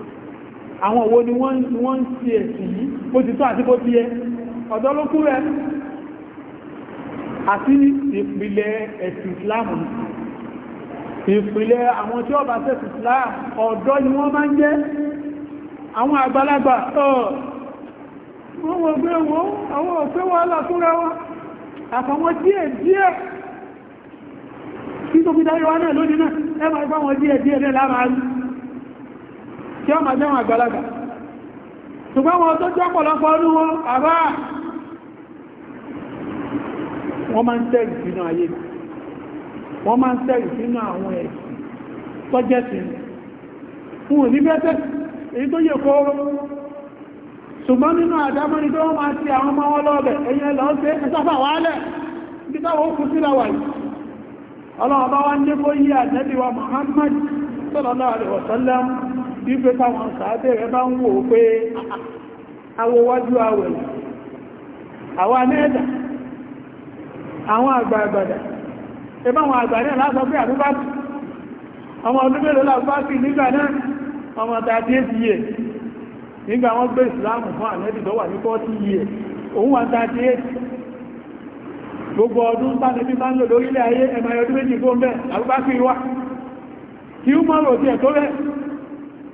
àwọn òwò ni wọ́n ń ṣe ẹ̀sìn yìí bó ti tó àti bó ti yẹ ọ̀dọ́ ló kú rẹ̀ àti ìpìlẹ̀ ẹ̀sìn islamu ìpìlẹ̀ àwọn tí ó bá ṣẹ̀sìn islam ọ̀dọ́ ni wọ́n máa ń jẹ́ àwọn àgbàlagbà wọ́n wọ́n gbé wọ́n àwọn ọ̀fẹ́ wàhálà fúnra wọn àfàwọn díẹ̀ díẹ̀ tí tó fi dáyọ wá náà lónìí náà ẹ máa gbá wọn díẹ̀ díẹ̀ lẹ́ láàárín kí ọ máa jẹ́ wọn àgbàlagbà ṣùgbọ́n wọn tó jẹ́ pọ̀lọpọ̀ ọdún wọn àbá wọ́n máa ń tẹ́rì sínú ayé wọ́n máa ń tẹ́rì sínú àwọn ẹ̀sìn tọ́jẹ́ sí fún òní bẹ́tẹ̀ èyí tó yẹ kó ṣùgbọ́n nínú àdámọ́ni wọ́n máa ti àwọn ọmọ wálẹ̀ táwọn ó kú Muhammad wípé táwọn sàábẹ̀rẹ̀ bá ń wò pé awọwájú àwẹ̀ àwọn anẹ́ẹ̀dà àwọn àgbààgbàdà ẹbá àwọn àgbà pé àbúbáàtì ọmọ ọdún mélòó nígbà náà ọmọ tàbí èsì yẹ nígbà gbé ìsìláàmù fún wà ní òun wà tàbí gbogbo ọdún ń lò lórílẹ̀ ayé méjì fún bẹ́ẹ̀ wà kí ó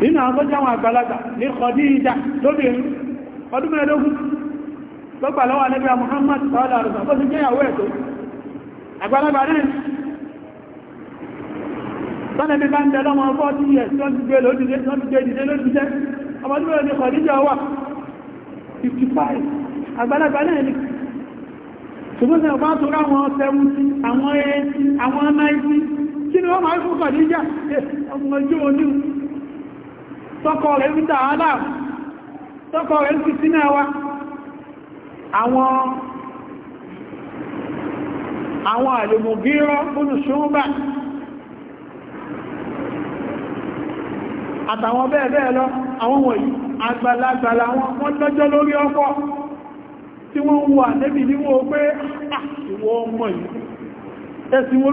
nínú àwọn tọ́jáwọn àgbàlagbà ní Khadija lóbìnrin ọdún mẹ́ẹ̀dógún lọ́gbà lọ́wọ́ alẹ́bíà Muhammad sọ́ọ́lá rẹ̀ bó ti jẹ́yàwó ẹ̀ tó àgbàlagbà rẹ̀ sọ́nẹ́bí bá ń tẹ lọ́mọ 40 years tó ti gbé lójúdé lójúdé ọmọdún mẹ́rin ní Khadija wà 55 àgbàlagbà rẹ̀ ni ṣùgbọ́n sẹ́wọ́n bá tó ráwọn 70 àwọn 80 àwọn 90 kí ni wọ́n máa ń fún Khadija ọmọ ojú oníhùn tọ́kọ rẹ̀ ń dà áàlà tọ́kọ rẹ̀ ń fi sínú ẹwà àwọn àwọn àlèmògírọ́ àtàwọn bẹ́ẹ̀ bẹ́ẹ̀ lọ àwọn wọ̀nyí àgbàlagbàlà wọn wọ́n lọ́jọ́ lórí ọkọ tí wọ́n wù ànẹ́bì níwò pé ah, ìwọ ọmọ yìí ẹ̀sìn wo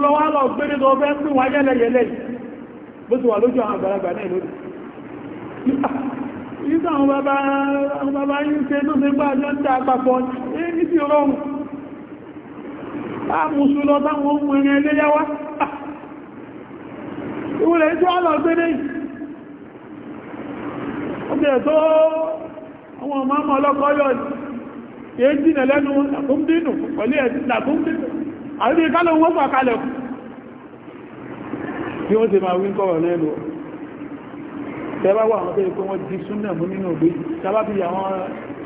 ìgbà àwọn bàbá yìí ṣe tó ṣe gbà jọ ń ta àpapọ̀ ní ti rọrùn a mùsù lọ táwọn ohun ẹ̀rìn ẹlẹ́yàwá ìwòlẹ̀ tí wọ́n lọ gbé ní ọjọ́ tó àwọn ọmọ ọmọ ọlọ́kọ́ yọ yẹ jìnà lẹ́nu làkúndínù pẹ̀lú ẹ̀ làkúndínù àríkálọ̀ wọ́n pàkalẹ̀ tẹ́bá wà àwọn tẹ́lẹ̀ pé wọ́n di súnà mú nínú ògbé tàbá bí àwọn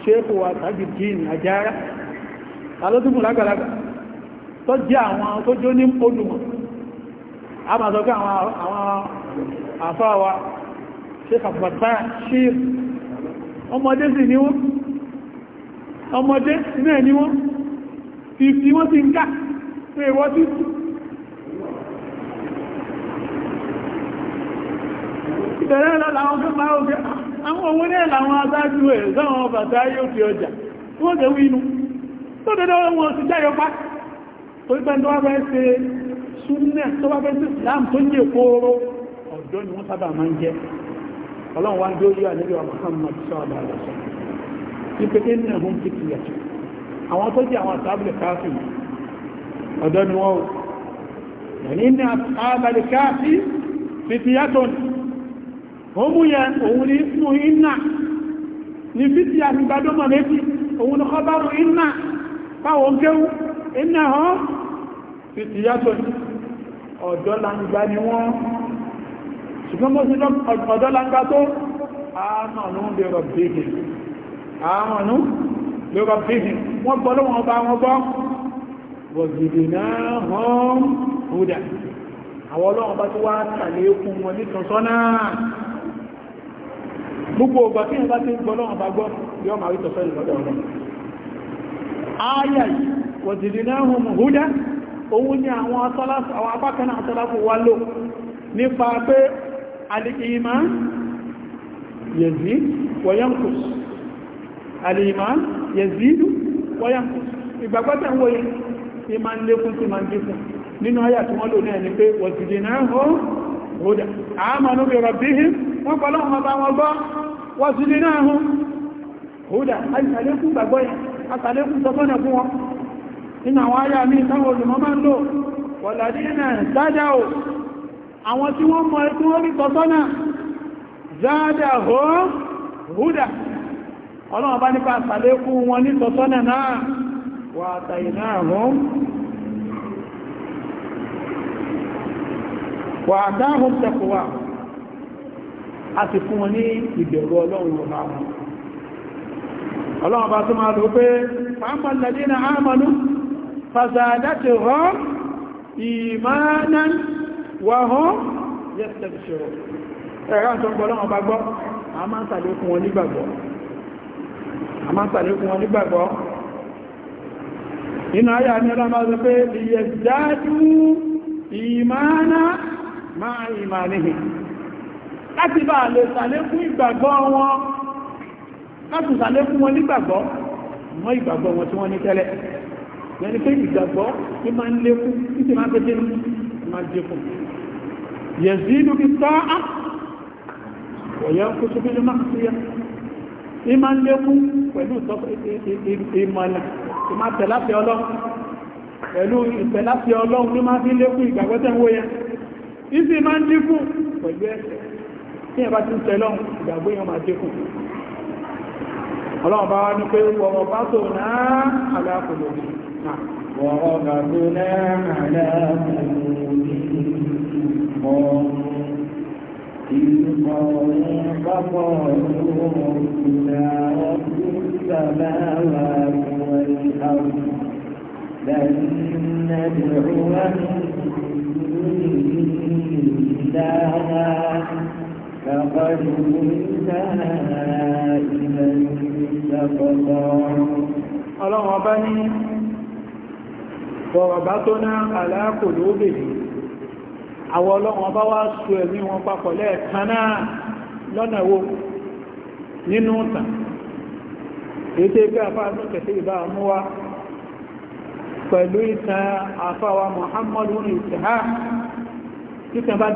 ṣéèkò wa tàbí jíìn àjára alótúmù lágbàlagbà tó jẹ́ àwọn tó jó ní olùmọ̀ a máa sọ pé àwọn àfáwa ṣéèkò àpàtà ìbẹ̀rẹ̀ lọ́la àwọn tó máa ọgbẹ́ àwọn owó ní ẹ̀làwọn aṣáájú ẹ̀ sáwọn bàtà yóò fi ọjà ni wọ́n sábà máa ń jẹ́ ọlọ́run wá ń dó yíwa níbi wa sọ́ọ̀bà rẹ̀ sọ ipe tí nínú ẹ̀hún ti kìlẹ̀ àwọn tó jẹ́ àwọn àtàbílẹ̀ káfí ọ̀dọ́ ni wọ́n ò ní ní àtàbílẹ̀ káfí fìfìyàtọ̀ òmú yẹn òun ní fún iná ní fíti àgbàdọ́mọ̀ méjì òun ní kọbárù iná páwọn kéwú iná hàn fíti yàtọ̀ ọ̀dọ́ langba ni wọ́n ṣùgbọ́n mọ́ sí ọ̀dọ́ langba tó àmànú lè rọ̀ bèèrè àmànú lè rọ̀ bèèrè wọ́n gbọ́ lọ́wọ́n bá wọn bọ́ wọ̀gbìdì náà hàn húdà àwọn ọlọ́wọ́n bá tó wá tàlé okùn wọn ní tọ̀sọ́nà gbogbo ọgbà tí ìyẹn bá ti ń gbọ́ lọ́wọ́ bá gbọ́ yọ máa rí tọ́sọ́ ìlọ́dọ̀ ọ̀rọ̀ ayà yìí wọ̀dìdì náà hùn húdá òun ni àwọn apákaná àtọ́láfù wá lò nípa pé alìkìímá yẹ̀zí wọ̀yẹ́mkùs alìmá yẹ̀zídù wọ̀yẹ́mkùs ìgbàgbọ́tẹ̀ wọ́yẹ́ tí ma nínú ayà tí wọ́n lò náà ni pé wọ̀dìdì náà hùn húdá àmànú bí rọ̀bíhìn wọ́n pọ̀lọ́ wọ́n sí kódà àìsàlékún gbàgbọ́ yẹn àsàlékún sọfọ́nà fún wọn nínú àwọn ayá mi táwọn olùmọ́ máa ń lò wọ̀làdí náà dájá o àwọn tí wọ́n mọ̀ ẹkún orí sọfọ́nà záàdà hó húdà ọlọ́wọ́n bá nípa wọn ní náà wà a ti fún wọn ní ìbẹ̀rù ọlọ́run ọba wọn ọlọ́run bá tó máa lò pé fàámà lẹ́dínà àmàlú fàzàdáti rọ ìmánan wàhọ́ yẹ́sẹ̀bìṣẹ̀rọ̀ ẹ̀rá tó gbọ́ ọlọ́run bá gbọ́ a máa ń sàlékún wọn nígbàgbọ́ pé lè ìmáná máa ìmáníhìn láti bá lè sàlékún ìgbàgbọ́ wọn láti sàlékún wọn nígbàgbọ́ mọ́ ìgbàgbọ́ wọn tí wọ́n ní tẹ́lẹ̀ yẹni pé ìgbàgbọ́ tí máa ń lékún tí ti máa tẹ́tẹ́ máa jẹkùn yẹ̀zínú bí sáà ọ̀yẹ́ kó sókè ló máa kúrò ní máa ń lékún pẹ̀lú ìmọ̀lẹ̀ tí ẹ̀bá ti ń tẹ lọ́hùn ìgbàgbé yẹn máa dínkù ọlọ́run bá wá ní pé wọ́n bá tó náà aláàkùnrin wọ́n bá tó náà aláàkùnrin لقد كنا إذا لخطأ ọlọ́run ọba ní bọ̀rọ̀bá tó ná àlàákò lóòbèdè àwọn ọlọ́run ọba wá sọ ẹ̀mí wọn papọ̀ lẹ́ẹ̀kan náà lọ́nà wo nínú ìtàn èyí tó gbé àfáà ní kẹsí ìbá mú wá pẹ̀lú ìtàn àfáà wa ní ìtàn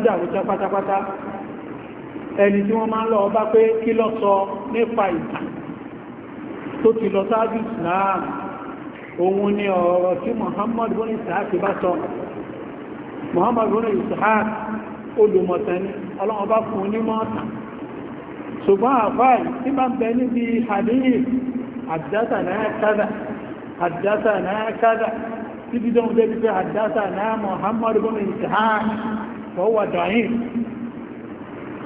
ẹni tí wọ́n máa ń lọ bá pé kí lọ sọ nípa ìtà tó ti lọ sáájú islam òun ni ọ̀rọ̀ tí Muhammad bin Ishaq bá sọ Muhammad bin Ishaq olùmọ̀tẹ́ni ọlọ́wọ́n bá fún ní mọ́ta ṣùgbọ́n àfáì tí bá ń bẹ níbi hadith àdásà náà kádà àdásà náà kádà tí bí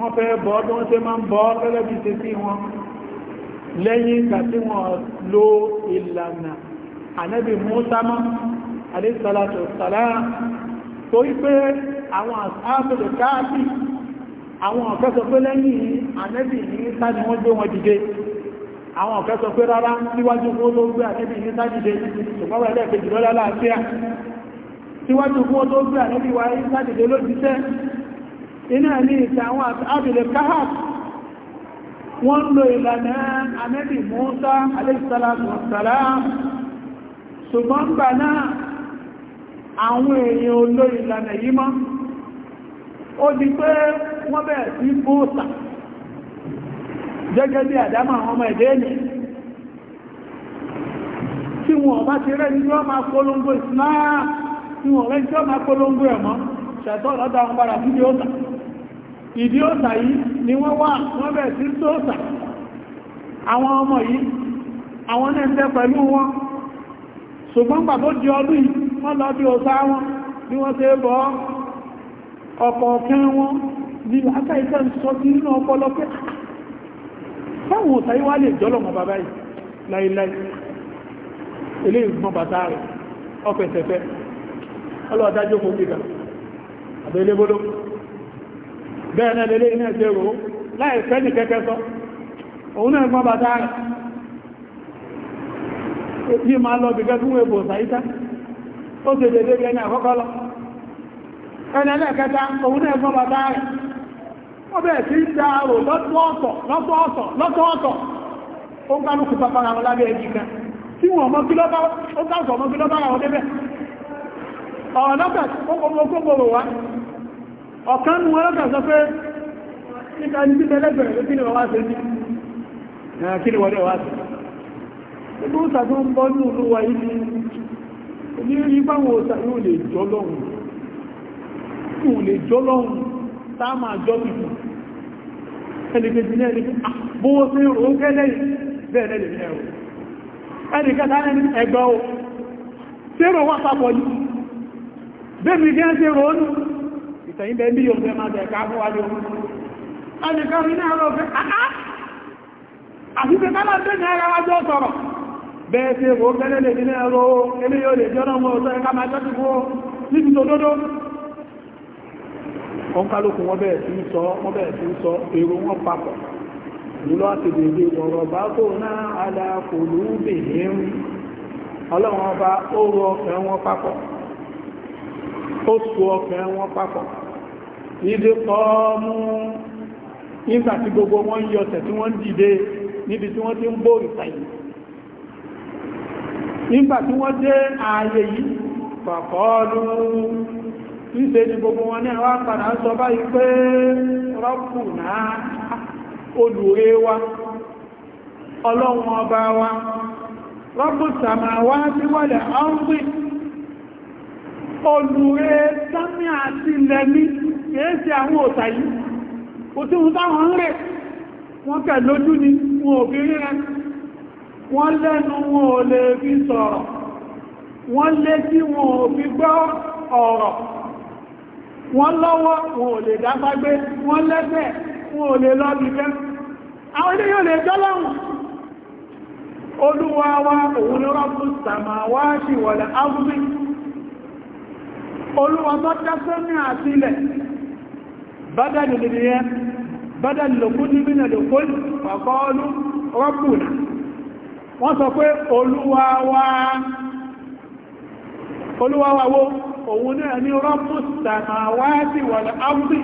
wọ́n fẹ́ bọ́ bí wọ́n ṣe máa ń bọ́ gẹ́gẹ́ bí ṣe sí wọn lẹ́yìn ìgbà tí wọ́n lo ìlànà ànábì mọ́sámá àdéṣàlátò sàlára tó yí pé àwọn àṣàbẹ̀lẹ̀ káàkì àwọn ọ̀kẹ́ sọ pé lẹ́yìn ànábì ní sáàdì wọ́n gbé wọn dìde àwọn ọ̀kẹ́ sọ pé rárá síwájú fún tó gbé ànábì ní sáàdì dé ṣùgbọ́n rẹ̀ lẹ́ẹ̀kejì lọ́lá láàáfíà síwájú fún tó gbé iná ní ìtàwọn àbìlẹ̀ káhàt wọ́n lo ìlànà anẹ́bì Mùsá alẹ́sàlámùsàlá ṣùgbọ́n gbà náà àwọn èèyàn oló ìlànà yìí mọ́ ó di pé wọ́n bẹ̀rẹ̀ sí bóòsà gẹ́gẹ́ bí àdámà ọmọ ẹ̀dẹ́ ènìyàn tí bá ti rẹ́ ní polongo tí wọn rẹ́ ní wọ́n máa ẹ̀mọ́ ṣẹ̀tọ́ wọn bára ìdí òsà yìí ni wọ́n wà wọ́n bẹ̀ sí tóòsà àwọn ọmọ yìí àwọn náà tẹ́ pẹ̀lú wọn ṣùgbọ́n pàtó di ọdún yìí wọ́n lọ bí òsà wọn bí wọ́n ṣe bọ́ ọ̀kọ̀ọ̀kẹ́ wọn ní látà iṣẹ́ sọ sí nínú ọpọlọ pé fáwọn ah, òsà yìí wá lè jọ́lọ̀mọ̀ bàbá yìí láìláì ilé ìgbọ́n bàtà rẹ̀ ọpẹ̀tẹ̀fẹ́ ọlọ́ọ̀dájọ́ kò gbígbà àbẹ́lébódó bẹ́ẹ̀nà lélé iná ṣe rò láì ní kẹ́kẹ́ sọ òun náà gbọ́n bàtà rẹ̀ ma lọ bí gẹ́gún ebò sàíta ó ṣe dédé bí àkọ́kọ́ lọ ẹni ẹlẹ́kẹta òun náà gbọ́n bàtà ọ̀kan nù ọlọ́kà sọ pé níta ní títẹ lẹ́gbẹ̀rẹ̀ kí ni wọ́n wá sí ní kí ni wọ́n dẹ̀ wá sí ibi òsà tó ń bọ́ ní olúwa yìí ní tá a máa jọ tìtù ẹnìkejì ní ẹni ah, bówó sí rò ó kẹ́lẹ́ bẹ́ẹ̀ lẹ́lẹ̀ ní ẹ̀rọ ẹnìkẹta ẹgbẹ́ o sí rò wà papọ̀ yìí bẹ́ẹ̀ gẹ́ sí rò ó nù tẹ̀yìn bẹ́ẹ̀ bí yóò fẹ́ máa bẹ̀ ká fún wájú ẹnìkan rí náà lọ́fẹ́ àti pé kálá ní ara wájú ọ̀sọ̀rọ̀ bẹ́ẹ̀ tí ó gẹ́lẹ́ lè ẹ̀rọ ọlọ́run ìdí kọ́ọ̀mù nígbà gbogbo wọn yọ ọ̀tẹ̀ tí wọ́n dìde níbi tí wọ́n ti ń bó ìsàyè wọ́n ààyè yìí pàkọ́ọ̀lù ni gbogbo wọn náà wá padà sọ báyìí pé rọ́pù náà olùré wa ọlọ́run ọba wa rọ́pù kìí ṣe àwọn òsà yìí kò tí wọ́n táwọn ń rẹ̀ wọ́n kẹ̀ lójú ni wọn ò fi wọ́n lẹ́nu wọn ò lè fi sọ̀rọ̀ wọ́n létí wọn ò fi gbọ́ ọ̀rọ̀ wọ́n lọ́wọ́ wọn ò lè dábágbé wọ́n lẹ́fẹ́ wọn ò lè lọ bìbẹ́ olúwa òun ni rọ́pù sàmàwáṣì wọ̀lẹ̀ olúwa bádàlù nìyẹn bádàlù lòkún ní mínà lòkún pàkọ́ọ̀lú rọ́pùnà wọ́n sọ pé olúwawawó òun náà ní rọ́pù sàmàwáàtì wà láàrùn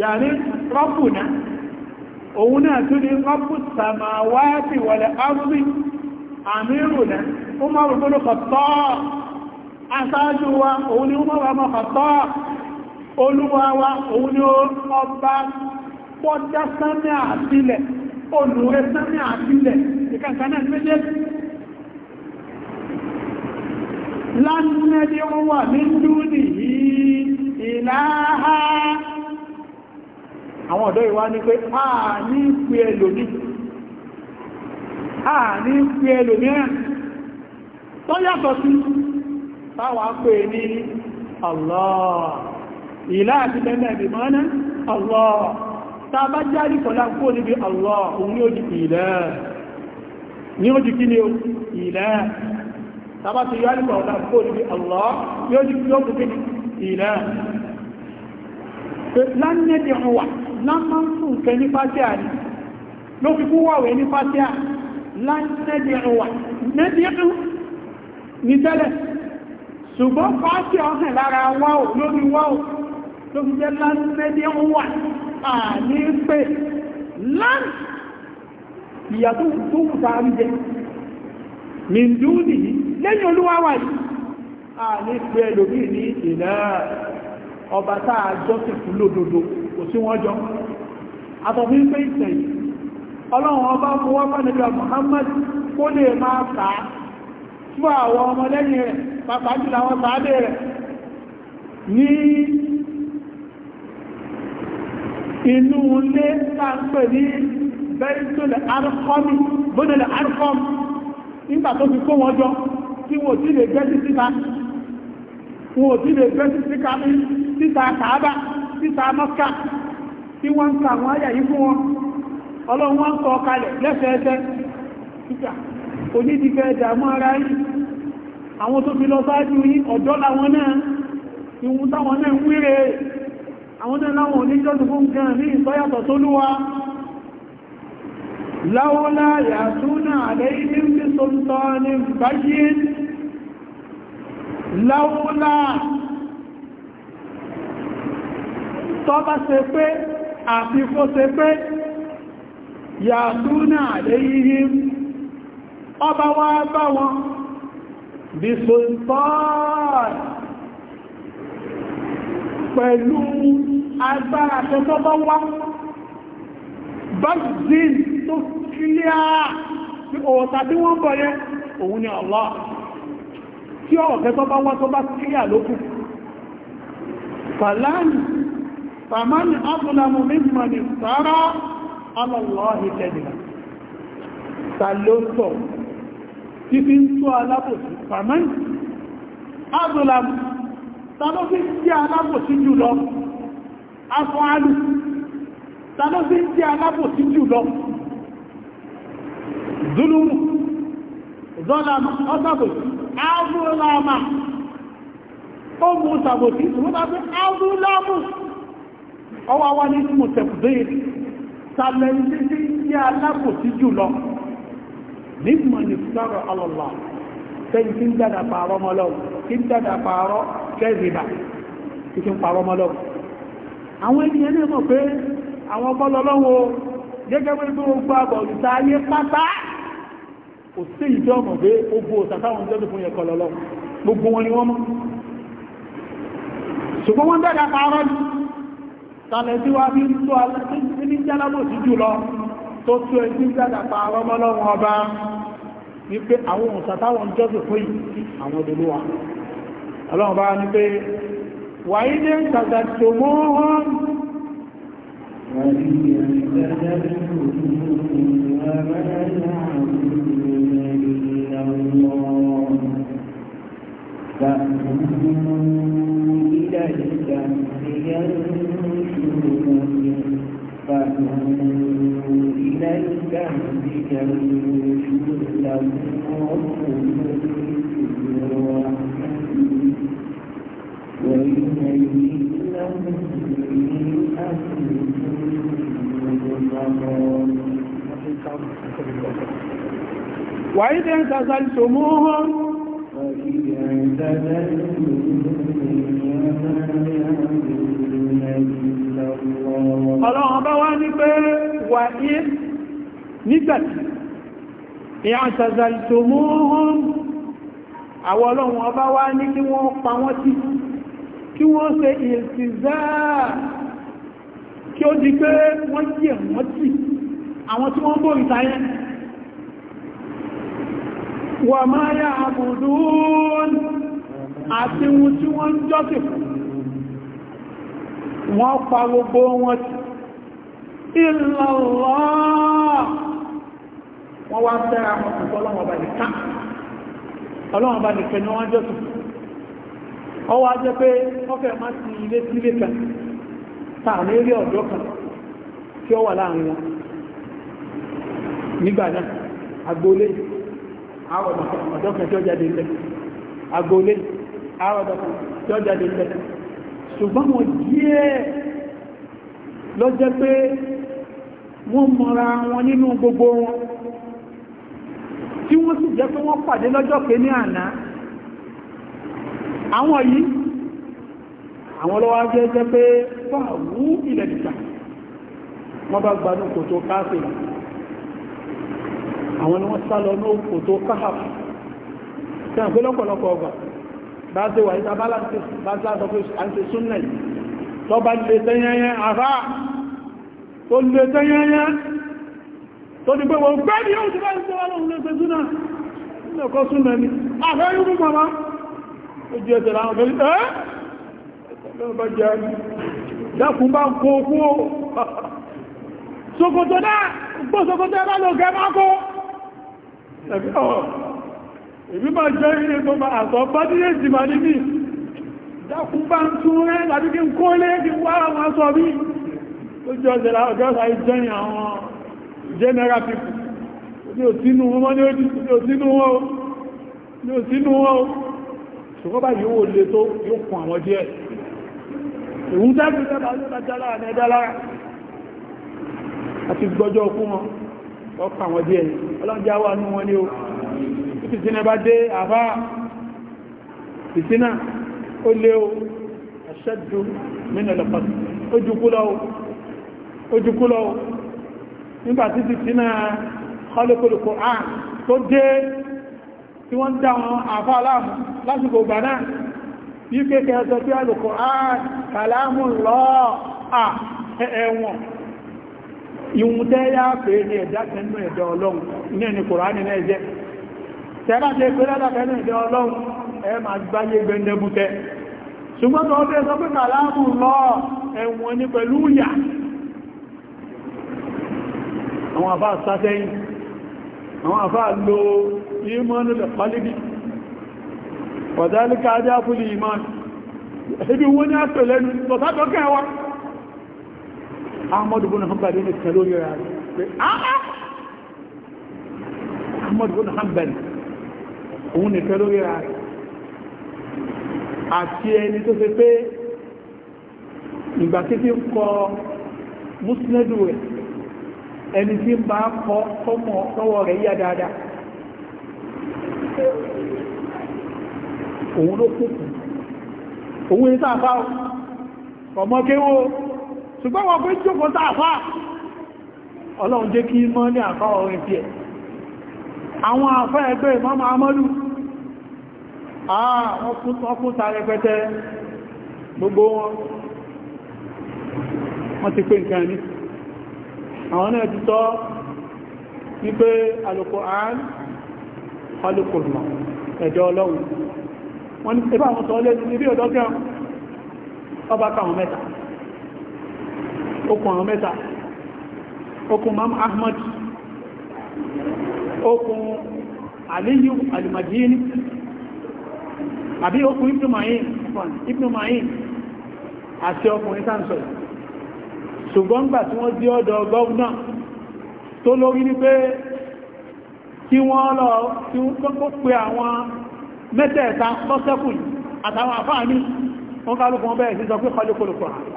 yàní rọ́pùnà òun náà tún ní rọ́pù sàmàwáàtì wà láàrùn àmírùnà ó mọ́rùn-ún kọ́tọ́ ó mọ́rùn-ún oluwawa òun ni ọba pọ́já sánmẹ́ àtílẹ̀ olùrẹ́ sánmẹ́ àtílẹ̀ ìkàkànà méjèèjì lánàdí wọ́n wà ní dúdì ìlàáhá àwọn ọ̀dọ́ ìwá ní pé a ní pí a ní pí tó yàtọ̀ sí pè ní Allah ìlà àti bẹ́ẹ̀ bí mọ́nà Allah ta bá járí kọlá kó níbi Allah òun ní ó di ìlà ní ó di kí ni ó ìlà ta bá ti yárí kọlá kó níbi Allah ní ó di kí ó kúkú ìlà lánẹ́dẹ̀ wà lámọ́ fún kẹ ní fásíà ní ló fi kú wàwẹ̀ ní fásíà lánẹ́dẹ̀ wà nẹ́dẹ̀ẹ́ ní ló fi jẹ́ lánàdé ń wà àní pé lán ìyà tó tó kùta ń jẹ mìndú nìyí lẹ́yìn olúwa wà yìí àní pé ẹlòmí ní ìlà ọba tá a jọ sí fún lódodo kò sí wọ́n jọ àtọ̀fin pé ìsẹ̀yìn ọlọ́run ọba mú wá Muhammad kó lè máa kàá fún àwọn ọmọlẹ́yìn rẹ̀ pàpàá jùlọ àwọn sàádé rẹ̀ ní inú ilé sáàpẹ̀ ní bẹ́ẹ̀tọ́lẹ̀ arkọ́mí bọ́nẹ̀lẹ̀ arkọ́m nígbà tó fi kó wọn jọ tí wọ́n tí lè gbẹ́ sí síta wọ́n tí lè gbẹ́ sí síta ní síta kàábà síta mọ́ká tí wọ́n ń ka àwọn ayà yìí fún wọn ọlọ́run wọ́n kọ kalẹ̀ lẹ́sẹẹsẹ títà onídìífẹ́ ìdààmú ara yìí àwọn tó fi lọ sáájú yìí ọ̀dọ́ làwọn náà ìwúntáwọn náà ń wíre àwọn náà láwọn oníjọ́sìn fún gan ní ìsọ́yàtọ̀ tó lúwa láwọ́lá yàtúnà àlẹ́yìn bí sọ́tọ́ ní báyé láwọ́lá tọ́bá ṣe pé àfikó ṣe pé yàtúnà àlẹ́yìn ọba wá bá wọn bí sọ́tọ́ pẹ̀lú agbára tẹ́tọ́ bá wá báyìí tó kílíà tí ọ̀tà tí wọ́n bọ̀ òun ni Allah tí ọ̀tẹ́ tó bá wá tó bá kílíà lókù fàlàní fàmánì ápùlámù mímọ̀ni sára alọ́lọ́hì tàlófí jẹ́ alábòsí jù lọ afọ́ alù tàlófí jẹ́ alábòsí jù lọ zulumu zọ́làmà ọ́sàbòsí áwúlámà ó mú sàbòsí ìwọ́tàbí áwúlámù ọwọ́ wá ní mú tẹ̀kùdé tàlẹ́sí jẹ́ alábòsí jù lọ nígbà ní sọ́rọ̀ alọ́lá tẹ́yìn tí ń dàdà pààrọ̀ mọ́lọ́wọ́ tí ń dàdà pààrọ̀ kẹ́rìbà tí kí ń parọ́ mọ́lọ́wọ́ àwọn ènìyàn ní mọ̀ pé àwọn ọpọlọlọ́wọ́ gẹ́gẹ́ pé tó gbọ́ àbọ̀ ìta ayé pátá kò sí ìjọ mọ̀ pé ó bú òsàtàwọn ìjọ́ fún yẹ kọlọlọ́ gbogbo wọn ni wọ́n mọ́ ṣùgbọ́n wọ́n dẹ́dà parọ́ ní tàlẹ̀ tí wá fi ń tó alẹ́ ní jálábò sí jùlọ tó tó ẹni dẹ́dà parọ́ mọ́lọ́wọ́ ọba ní pé àwọn òsàtàwọn ìjọ́ fún yìí àwọn olùlúwa ọlọ́run bá ní pé wàí ní tàbàtò mọ́ wọn فأهم إليك لينشر من فهموا إلى الكهف ينشر لهم ربهم ويميز لهم من أمرهم وإذا تزلتموهم فإذا تزلتم يا ما يعبدون ọlọ́run bá wá ní pé wà ní nígbàtí ìyàntàzàlìtòmóhún àwọn ọlọ́run ọba wá ní kí wọ́n pa wọ́n tí kí wọ́n ṣe ìrìsìzá kí ó di pé wọ́n jẹ́ wọ́n tí àwọn tí wọ́n bó ìtayẹ wà máa yá àbùdún àti ohun tí wọ́n jọ́sìn wọ́n pa gbogbo wọn tí ìlọ́lọ́ wọ́n wá tẹ́ra wọn kò tọ́lọ́wọ́ bá nìkan ọlọ́wọ́ bá nìkan ni wọ́n jẹ́ tù ọwọ́ ajẹ́ pé ọfẹ́ má ti ilé sílé kan ọ̀dọ́ kan tí ó wà láàrin wọn nígbà náà agboolé àrọ̀dọ̀kan ọ̀dọ́ tí ó jáde ṣùgbọ́n wọn díẹ̀ ló jẹ́ pé wọ́n mọ̀ra wọn nínú gbogbo wọn tí wọ́n sì jẹ́ pé wọ́n pàdé lọ́jọ́ pé ní àná àwọn yìí àwọn lọ́wọ́ jẹ́ jẹ́ pé fàwú ilẹ̀ ìjà wọ́n bá gbanú kòtò káàkiri àwọn ni wọ́n sá lọ ní kòtò káàkiri tẹ́ bá ṣe wà ìta bá sọ pé à ń ṣe súnnà yìí tó bá lè tẹ́yẹnyẹn àfá tó lè tẹ́yẹnyẹn tó ní pé wọ́n gbẹ́ ni yóò ti bá ṣe wà lóhun lè ṣe súnnà ní ọkọ̀ súnnà ni àfẹ́ yóò mú màmá ojú ẹsẹ̀ láwọn fẹ́ ẹ́ lọ́ba jẹ́ dákun bá ń kó kú ó ṣòkòtò náà èmi máa jẹ́ ilé tó máa àtọ́ bá dílé jì máa níbi dákún bá ń tún rẹ́ tàbí kí n kó lé kí wá àwọn aṣọ bí ó jọ ọ̀sẹ̀lá ọjọ́ sáré jẹ́yìn àwọn general people ní òsínú wọn ní òsínú wọn ní òsínú wọn ṣùgbọ́n bá yíò lè tó yóò kún àwọn díẹ̀ ìhun tẹ́bí tẹ́bà lọ́dájára ní ẹ̀dálára àti gbọ́jọ́ okú wọn ọkọ̀ àwọn fìtínà bá dé àbá fìtínà ó lé o aṣẹ́jú mínà lọ́pàá ojúkúlọ́ o nígbàtí fìtínà kọlùkùlùkù à tó dé tí wọ́n dá wọn àfá aláàmù lásìkò gbà náà yí kéèkéé sọ pé alùkù à kàlámù lọ́ọ̀ à ẹ̀ẹ̀wọ̀n ìhun tẹ́ yá pé ní ẹ̀dá kẹ́nu ẹ̀dá ọlọ́run ní ẹni kòránì náà jẹ́ tẹ́lá ṣe pé lọ́dọ̀kẹ́lú ìdẹ ọlọ́run ẹ ma gbáyé gbẹndẹbútẹ́ ṣùgbọ́n tó ọdún ẹ̀sọ́ pé kàlámù lọ ẹ̀wọ̀n ní pẹ̀lú ìyà àwọn àfáà sátẹ́yìn àwọn àfáà lo ìmọ̀nù lè pálíbí ọ̀dálíkà ajá fúlì ìmọ̀nù ibi wọ́n ní àtò lẹ́nu tọ̀sátọ́kẹ́ wa ahmadu bin hanbali ní kẹlórí rẹ̀ ahmadu bin hanbali òun nìkan lórí ra rẹ̀ àti ẹni tó fi pé ìgbà tí fi ń kọ múslẹ́dù rẹ̀ ẹni tí ń bá kọ tọwọ́ rẹ̀ yá dáadáa òun ló kùkù òun ní sáàfá ọmọ kéwó ṣùgbọ́n wọ́n pé jókòó sáàfá ọlọ́run jẹ́ kí mọ́ ní àfá ọ̀rẹ́ tí ẹ̀ àwọn àfá ẹgbẹ́ ìmọ́mọ́ amọ́lù Ah, wọ́n kún sáré pẹ́tẹ́ gbogbo wọn wọ́n ti pé nǹkan ní àwọn náà ti tọ́ wípé Al-Qur'an alùkùnmọ̀ ẹ̀dọ́ ọlọ́run wọ́n ní ẹbá àwọn tọ́ọ́lẹ́ ní ibi ọ̀dọ́ kẹ́ ọba káwọn mẹ́ta okùn àwọn mẹ́ta okùn Imam Ahmad okùn Aliyu al àbí ó fún ìpínmáyìn àti ọkùnrin sáǹsọ̀ ṣùgbọ́n gbà tí wọ́n dí ọ̀dọ̀ gọ́ọ̀nà tó lórí ní pé kí wọ́n lọ tí ó tó pé àwọn mẹ́tẹ̀ẹ̀ta lọ́sẹ́kùn àtàwọn àfáà ní wọ́n kálùkù wọn bẹ̀rẹ̀ sí sọ pé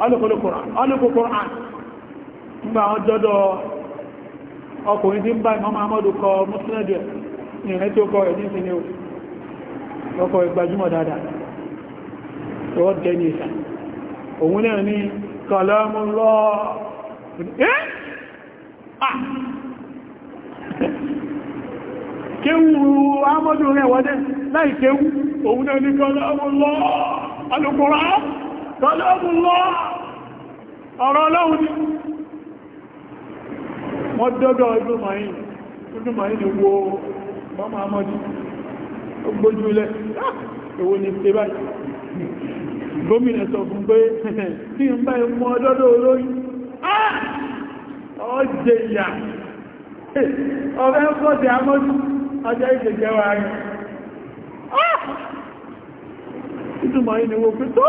ọlọ́kọ̀lọ́kọ̀rán nígbà wọn jọ́dọ̀ ọkùnrin tí ń bá ìmọ́ ọkọ̀ ìgbàjúmọ̀ dada wọ́n jẹ́ òun náà ní kọlọ́mùlọ́ kéwù amọ́dù rẹ̀ wọ́dẹ́ láì kéwù òun náà alùkùnrà ọ̀rọ̀ ni ọdún mọ̀ gbójúlẹ̀ ah, èwo ni ṣe báyìí gómìnà sọ fún pé tí ń bá ẹmọ ọdọ́dọ́ olóyìn ah, ọjẹ́ ìyà ọ̀rẹ́ ń kọ́ sí amọ́jú ọjọ́ ìṣẹ̀jẹ́ wa rẹ̀ ah! ìtumọ̀ yìí ni wo fi tó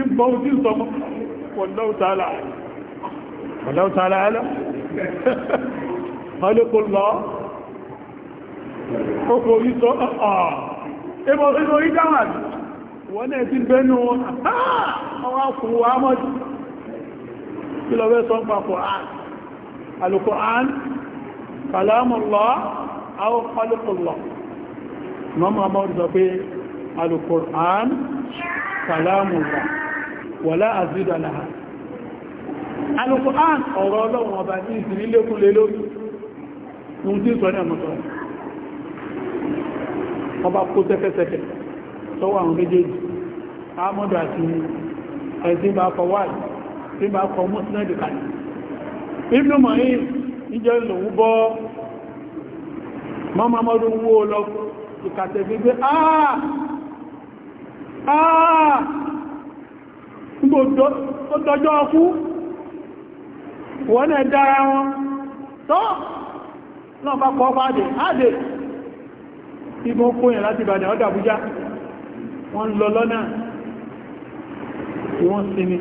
ìbọn tí sọmọ́ pọ̀lọ́ta alá ọlọ́pọ̀lọ́ kòkò orí sọ ọ̀ọ̀ ah, ẹbọ̀ ah. orí orí dáwàd wọ́n náà ti bẹ́nu wọn àwọn ah, afún wa mọ́jú kí lọ bẹ́ sọ papọ̀ alùkọ̀án kàlámọ̀lọ́ àwọn ọlọ́pọ̀lọ́ mọ́mọ́ amọ́rù sọ pé alùkọ̀án kàlámọ̀lọ́ wọ́lá ohun tí ń sọ ní àmọ́sọ́ ọba kó sẹ́kẹ́sẹ́kẹ́ sọ́wọ́ àwọn méjèèjì ahmadu àti ẹ̀sìn bá kọ wáyé tí bá kọ mọ́sílẹ̀dì kalẹ̀ ibnu mọ̀yí ìjẹ́ lòun bọ́ mọ́mọ́mọ́dún wó lọ ìkàtẹ̀ gbígbé àà àà gbogbo tọ́jọ́ ọkú wọ́n náà dára wọn tọ́ náà bá kọ́ fáàdé áàdé tí mọ́ kóyàn láti Ìbàdàn ọdọ̀ Àbújá wọ́n lọ lọ́nà tí wọ́n sinmi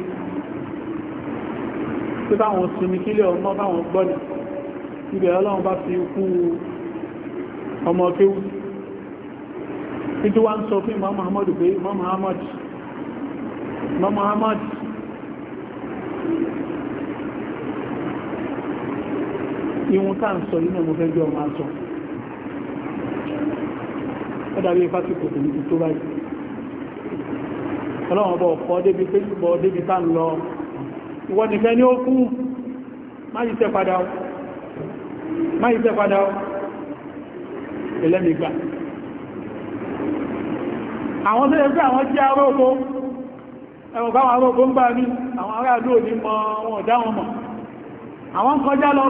tí báwọn sinmi kílẹ̀ ọmọ báwọn gbọ́nà ibẹ̀ Ọlọ́run bá fi ikú ọmọ kéwú títí wá ń sọ fún Imam Muhammad pé Imam Muhammad ìwọ̀n tá ń sọ iná mo fẹ́ jẹ́ ọmọ aṣọ ó dàbí ipá tí kò tòun ti tó báyìí ọlọ́run ọba ọ̀pọ̀ débi pé bọ̀ débi tá ń lọ ìwọ nìfẹ́ ní ó kú má yí tẹ́ padà ó má yí tẹ́ padà ó ẹlẹ́mìgbà àwọn tó yẹ pé àwọn jẹ́ aróko ẹwọ̀n bá wọn aróko ń gbà ní àwọn aráàlú òní mọ wọn ọ̀dá wọn mọ̀ àwọn kọjá lọ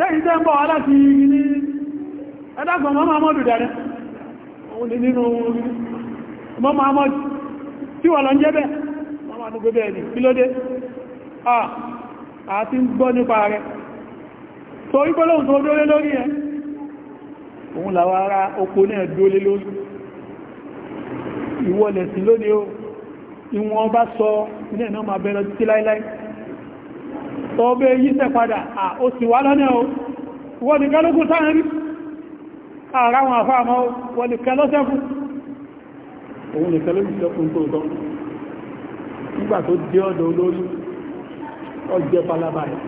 lẹ́yìn tẹ́ ń bọ̀ aláti igi ní ẹ̀dàgbọ̀n mọ́ Muhammadu dẹ̀rẹ́ òun ni nínú mọ́ Muhammadu tí wọ́n lọ ń jẹ́ bẹ́ Muhammadu gbé bẹ́ẹ̀ ni kí ló dé àti gbọ́ nípa rẹ̀ torí pé lóhun tó dólé lórí ẹ òun làwọn ará oko náà dólé lórí ìwọlẹ̀ sí lónìí o ìwọ̀n bá sọ ilẹ̀ náà máa bẹ̀rẹ̀ títí láíláí tó bẹ́ yíṣẹ́ padà à ó sì wá lọ́nà o wọ́n ni kálùkù sáàrí ara wọn àfá àmọ́ wọ́n ni kálọ́sẹ́kù òun ni kálọ́sẹ́kùn tó tọ́ nígbà tó dé ọ̀dọ̀ olórí ọjẹ́ palaba rẹ̀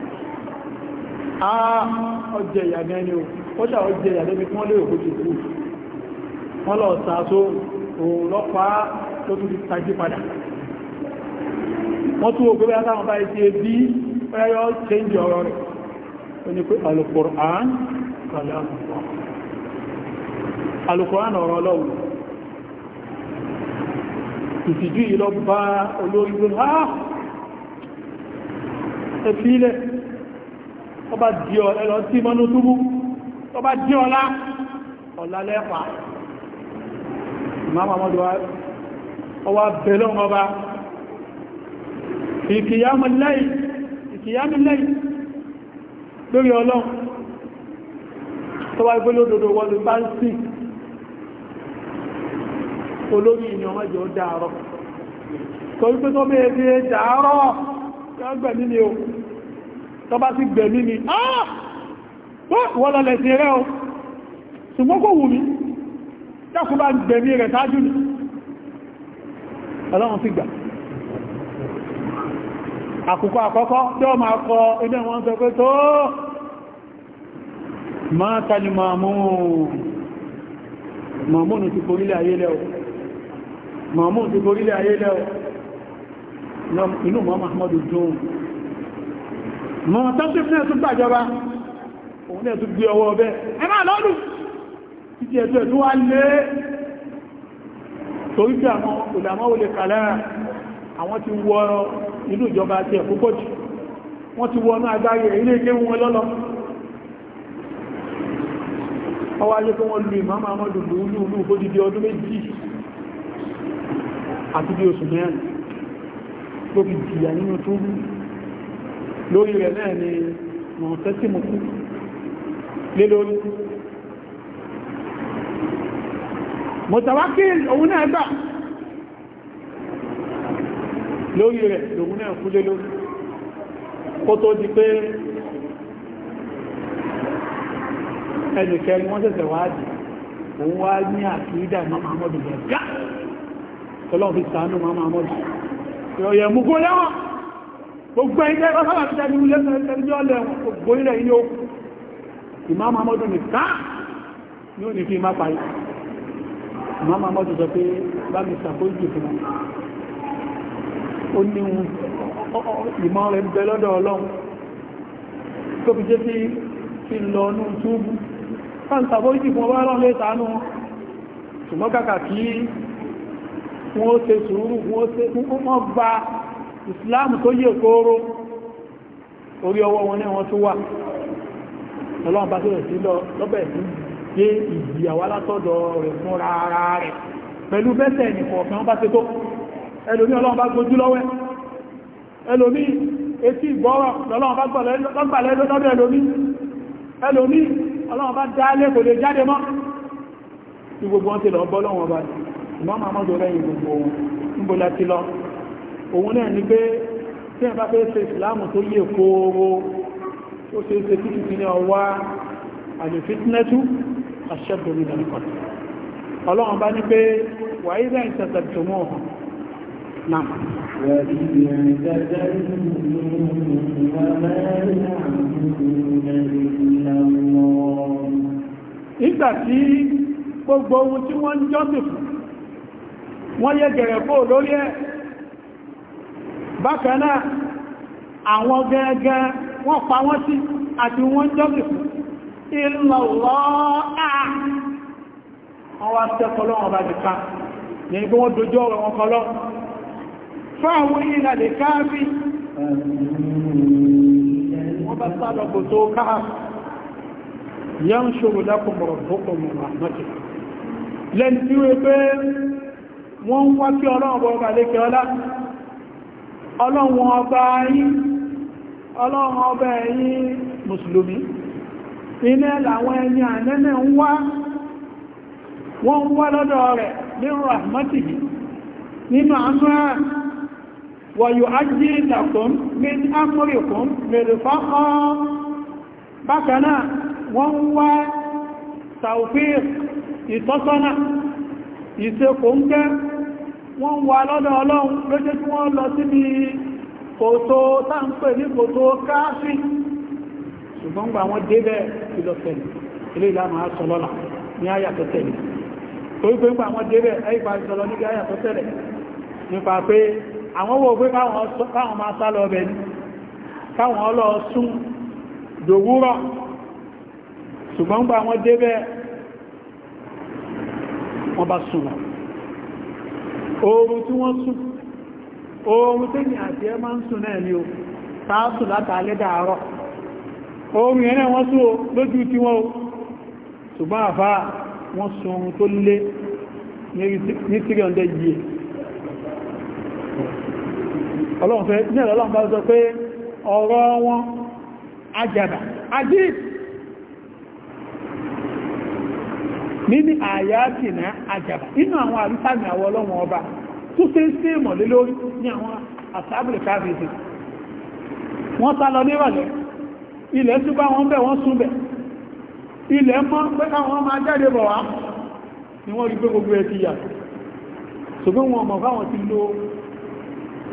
a ọjẹ́ ìyà mẹ́ni o ó ṣà ọjẹ́ ìyà lẹ́bí wọ́n lè òkú ti kú wọ́n lọ sàásó òun lọ́pàá tó tún ti tají padà wọ́n tún ògbébẹ́ látàwọn báyìí ti bí ẹyọ change ọ̀rọ̀ rẹ̀ ó ní pé alukur'an alukur'an ọ̀rọ̀ ọlọ́wù ìtìjú ìlọ bá olórin ló ha ẹ̀fí ilẹ̀ ọba dí ọ ẹlọ tí mọ́nú túbú ọba dí ọlá ọ̀lá lẹ́fà ìmáàmà mọ́dọ̀ ọwá bẹ̀lọ́ ọba ìkìyàmọ̀ lẹ́yìn ìyámi lẹ́yìn lórí ọlọ́run tó wá igbó lódodo wọ́n lè bá ń sí olórí ìyàn ọjọ́ dáàrọ̀ tó wípé tó mẹ́ ẹgbẹ́ dáàrọ̀ yọ́ gbẹ̀mí ni o tó bá sì gbẹ̀mí ni wọ́n lọ lẹ̀sìn rẹ̀ o ṣùgbọ́n kò wù mí dákùn bá gbẹ̀mí rẹ̀ sáájú ni ọlọ́run sì gbà àkùkọ àkọ́kọ́ tí ó máa kọ ilé wọn sọ pé tó máa tàní mọ̀mọ́nù ti korílẹ̀ ayé lẹ́ọ̀ inú mọ́ mahamadu dùn mọ́ tọ́sí fún ẹ̀tún gbàjọba òun náà tún gbé ọwọ́ ọbẹ̀ ẹ máa lọ́dún títí ẹ̀tún ẹ̀tún wá lé torí pé àwọn olàmọ́ olè kàlẹ́ àwọn ti wọ́ ìlú ìjọba àti ẹ̀kúkọ́ jù wọ́n ti wọnú agbáyé ilé ìkéwù wọn lọ́lọ́ ọwọ́ ayé tó wọ́n lu ìmọ́mà mọ́dù lúúlú fójídé ọdún méjì àti bí oṣù mẹ́rin tó jìyà lórí rẹ̀ lòun náà kúlé lórí kó tó di pé ẹnìkẹrin wọ́n sẹ̀sẹ̀ wá dì òun wá ní àkídà mama amọ́dù gẹ̀gá tọ́lọ́n fi sàánú mama amọ́dù ìrọ̀yẹ̀ mú kó lẹ́wọ̀n gbogbo ẹgbẹ́ ọ̀sára ti tẹ́lú lẹ́sẹ̀ẹ́jọ́ lẹ́wọ̀n gbogbo ilẹ̀ ilé okùn ìmáàmù amọ́dù nìkan ní ò ní fi má parí ìmáàmù amọ́dù sọ pé bá mi sàkójì fún wọn ó ní ìmọ̀ rẹ̀ bẹ lọ́dọ̀ ọlọ́run tó fi jẹ́ sí fi lọ ní túbú fáǹtàbó ìsì fún ọwá rán lẹ́tàánú ṣùgbọ́n kàkà kí wọ́n ṣe sùúrù wọ́n bá ìsìláàmù tó yẹ kóró orí ọwọ́ wọn ní wọn tó wà ọlọ́run bá sọ̀rọ̀ sí lọ́bẹ̀ sí gé ìjìyàwó látọ̀dọ̀ rẹ̀ fún rárá rẹ̀ pẹ̀lú bẹ́sẹ̀ nìkọ̀ọ̀kan bá ṣe tó ẹlòmí ọlọ́run bá gbójú lọ́wẹ́ ẹlòmí etí ìgbọ́rọ̀ lọ́lọ́run bá gbà lẹ́lọ́dọ́ ẹlòmí ẹlòmí ọlọ́run bá dálé kò lè jáde mọ́ tí gbogbo wọn ti lọ bọ́ lọ́wọ́ bá ìmọ́mà mọ́jọ lẹ́yìn gbogbo ohun níbo la ti lọ òun náà ni pé tí ẹ bá fẹ́ ṣe ìsìláàmù tó yẹ kóóró ó ṣe é ṣe títí ti ní ọwá àlèfitínẹ́tú àṣẹ́bùrú ìdàlùkọ̀ ọlọ́run bá ní pé wàá ìrẹ́ ìtẹ̀tẹ̀ tòmọ́ ọ̀hún نعم tí gbogbo ohun tí wọ́n ń jọ́sìn fún wọ́n yẹ gẹ̀rẹ̀ kó lórí ẹ̀ bákan náà àwọn gẹ́gẹ́ wọ́n pa wọ́n sí àti wọ́n jọ́sìn fún ìlọ̀lọ́à wọ́n wá tẹ́kọ̀ọ́ lọ́wọ́ bá jù ká ní ẹni pé wọ́n dojú ọ̀rọ̀ wọn kọlọ́ fáwọn ìlà lè káàbí wọ́n bá sálọ kò tó káàbí yán ṣòro lákùnmọ̀ ọ̀bọ̀kùnmọ̀ tí wé pé wọ́n ń wá kí ọlọ́run wọ́n ń wá lọ́dọ̀ rẹ̀ nínú nínú ويعجل لكم من أمركم مرفقا بكنا وهو توفيق يتصنع يسيقونك wọ́n wà lọ́dọ̀ ọlọ́run lójé tí wọ́n lọ síbi kòtò táǹpẹ̀ ní kòtò káàfí ṣùgbọ́n gbà wọ́n débẹ̀ ìlọ̀tẹ̀lẹ̀ ilé ìlànà àṣọlọ́lá ní àyàtọ̀tẹ̀lẹ̀ torípé gbà wọ́n débẹ̀ ẹ̀yípa ìṣọlọ́ níbi nípa pé àwọn owó pé káwọn máa sá lọ bẹ̀ ní káwọn ọlọ́ sún dòwúrọ̀ ṣùgbọ́n gbà wọ́n débẹ̀ wọ́n bá sùn lọ oorun tí wọ́n sùn oorun tí ní àti ẹ máa ń sùn náà ni o tààsù látàálẹ́ dàárọ̀ oorun yẹn náà wọ́n sùn o lójú tí wọ́n o ṣùgbọ́n àfá wọ́n sùn oorun tó lé ní 300 yìí ọlọ́run fẹ́ ní ọlọ́run bá sọ pé ọ̀rọ̀ wọn ajàdà ajíf nínú àyàtìná ajàdà inú àwọn àrísàmì àwọ ọlọ́run ọba tó ṣe ń ṣe mọ̀ lélórí ní àwọn àsábìlì káàfẹ́sì wọ́n sá lọ níwàlẹ̀ ilẹ̀ súnbá wọn bẹ̀ wọ́n súnbẹ̀ ilẹ̀ mọ́ pé káwọn máa jáde bọ̀ wá ni wọ́n rí pé gbogbo ẹ̀ ti yà ṣùgbọ́n wọn mọ̀ fáwọn ti lo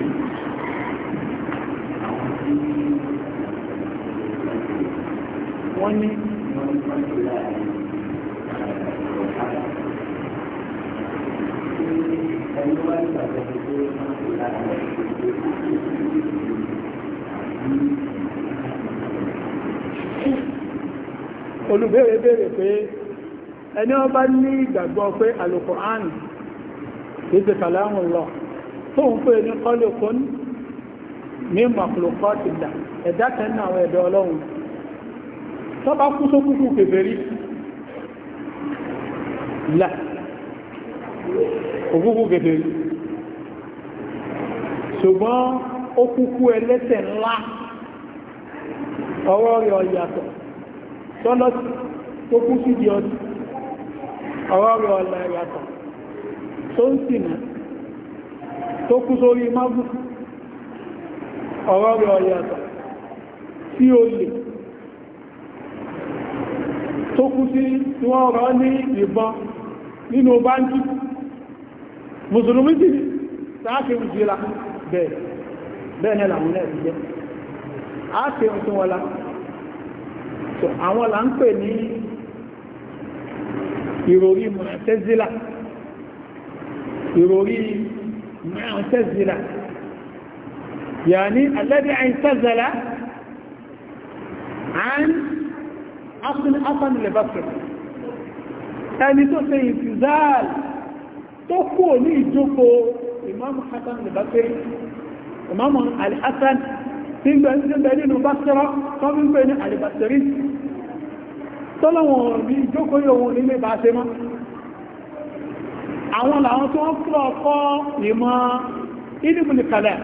wọ́n ní olùbéèrè béèrè pé ẹni ọba ní ìgbàgbọ́ pé Al-Qur'an kìí ṣe kàlámù Allah tó ń pè ní kọ́lùkún ní mọ̀kùlùkọ́ ti dà ẹ̀dá tẹ́nà àwọn ẹ̀dọ́ ọlọ́run tó bá kú sókúkú kèfèrí là òkúkú kèfèrí ṣùgbọ́n ó kúkú ẹlẹ́sẹ̀ ńlá ọwọ́ rẹ̀ ọ̀yàtọ̀ tọ́lọ́ tó kú sí ọdún ọwọ́ rẹ̀ ọ̀là ìyàtọ̀ tó ń sì náà tó kú sórí mágùn ọ̀rọ̀ ọ̀yàtọ̀ tí ó lè tó kú sí wọ́n rọ́ ní ìbọn nínú báńkì mùsùlùmí sí sáàkì ìjìlá bẹ́ẹ̀ bẹ́ẹ̀ làwọn ẹ̀rí jẹ́ a ṣe àwọn là ń pè ní ìròrí ìròrí معتزلة يعني الذي اعتزل عن أصل أصل لبصر ẹni tó ṣe ìfìzáàl tó kò ní ìjókò ìmáàmù hassan al-basri ìmáàmù al-hassan tí gbẹ̀ẹ́ nínú basra tó fi ń pè ní al-basri tọ́lọ̀wọ̀n ní ìjókò yóò wọn nílé bá ṣe máa àwọn làwọn tó ń fún ọkọ́ ìmọ̀ ilmul kalam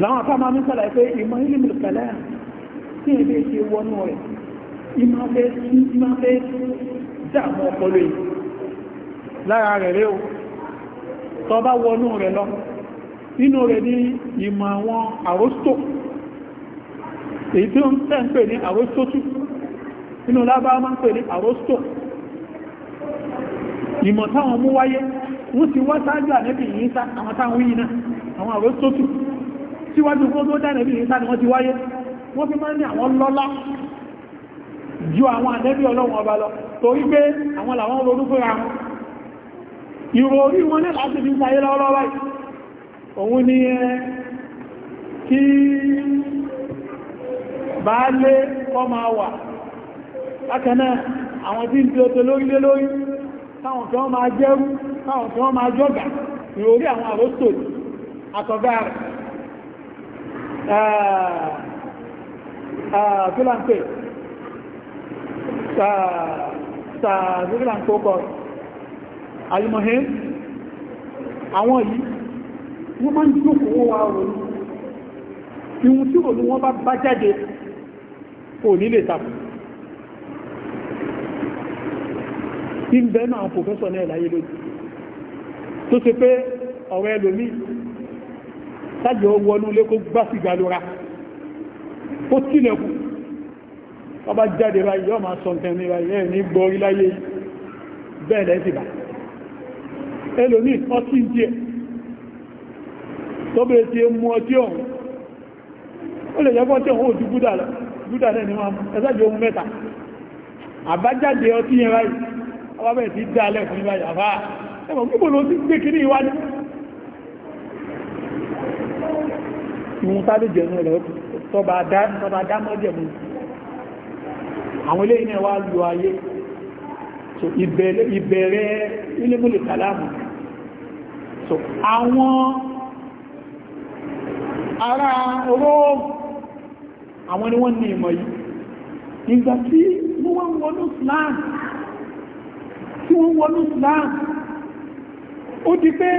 láwọn afáàmà ń sàlàyé pé ìmọ̀ ilmul kalam tí èdè ṣe wọnú rẹ̀ ìmọ̀lẹ́ dàmú ọpọlọ yìí lára rẹ̀ rẹ̀ o tọ́ bá wọnú rẹ̀ lọ nínú rẹ̀ ní ìmọ̀ àwọn àróstò èyí tí ó ń tẹ́ ń pè ní àróstótù nínú lábá máa ń pè ní àróstò ìmọ̀ táwọn mú wáyé wọ́n ti wá sáájú ànẹ́bì yìí sá àwọn táwọn yìí náà àwọn àrò sótù síwájú kó tó dánẹ́bì yìí sá ni wọ́n ti wáyé wọ́n fi máa ń ní àwọn lọ́lá ju àwọn ànẹ́bì ọlọ́run ọba lọ torí pé àwọn làwọn ronú fúnra wọn ìrò orí wọn ní láti fi sáyé lọ́wọ́lọ́wọ́ òun ni kí baálé kọ́ máa wà bákan náà àwọn tí ń tí ó tó lórílé lórí táwọn kan máa jẹ́rú táwọn kan máa jọ́gà ìròrí àwọn àrósò àtọ̀gá rẹ̀ kílàǹpẹ̀ sàrílàǹpọ̀kọ̀ alìmọ̀hẹ́ àwọn yìí wọ́n máa ń jókòó wa ròrùn ìhun tí òun wọ́n bá bá jáde kò nílé tàbí tí ń bẹ́ẹ̀ náà pòfẹ́sọ̀ náà láyé lójú tó ṣe pé ọ̀rẹ́ ẹlòmí sájọ wọnú lé kó gbá sí galora ó tilẹ̀kù ọba jáde báyìí yọ́ máa sọ̀tẹ̀ ní báyìí ẹ̀ ní gbọ́rí láyé bẹ́ẹ̀ lẹ́sì bá ẹlòmí ọtí díẹ̀ tó bèé ti mú ọtí ọ̀hún ó lè jẹ́gbọ́n tí ọ̀hún ojú gúdà náà ni wọ́n ẹsájọ àbájáde ọtí yẹn báyìí wọ́n bẹ̀rẹ̀ sí dálẹ̀ fún ìwà yàfá ẹmọ̀ pípò ló ti gbé kiri ìwádìí ìwọ̀n tàbí jẹ̀mú rẹ̀ tọba dámọ́ jẹ̀mú àwọn ilé iná wá lò ayé so ìbẹ̀rẹ̀ ilémúlè kàlámù so àwọn ará Róòmù àwọn ni wọ́n ní ìmọ̀ yìí ìgbà tí wọ́n wọ́n wọ́n ní Islam tí wọ́n wọ́n islam ó di pé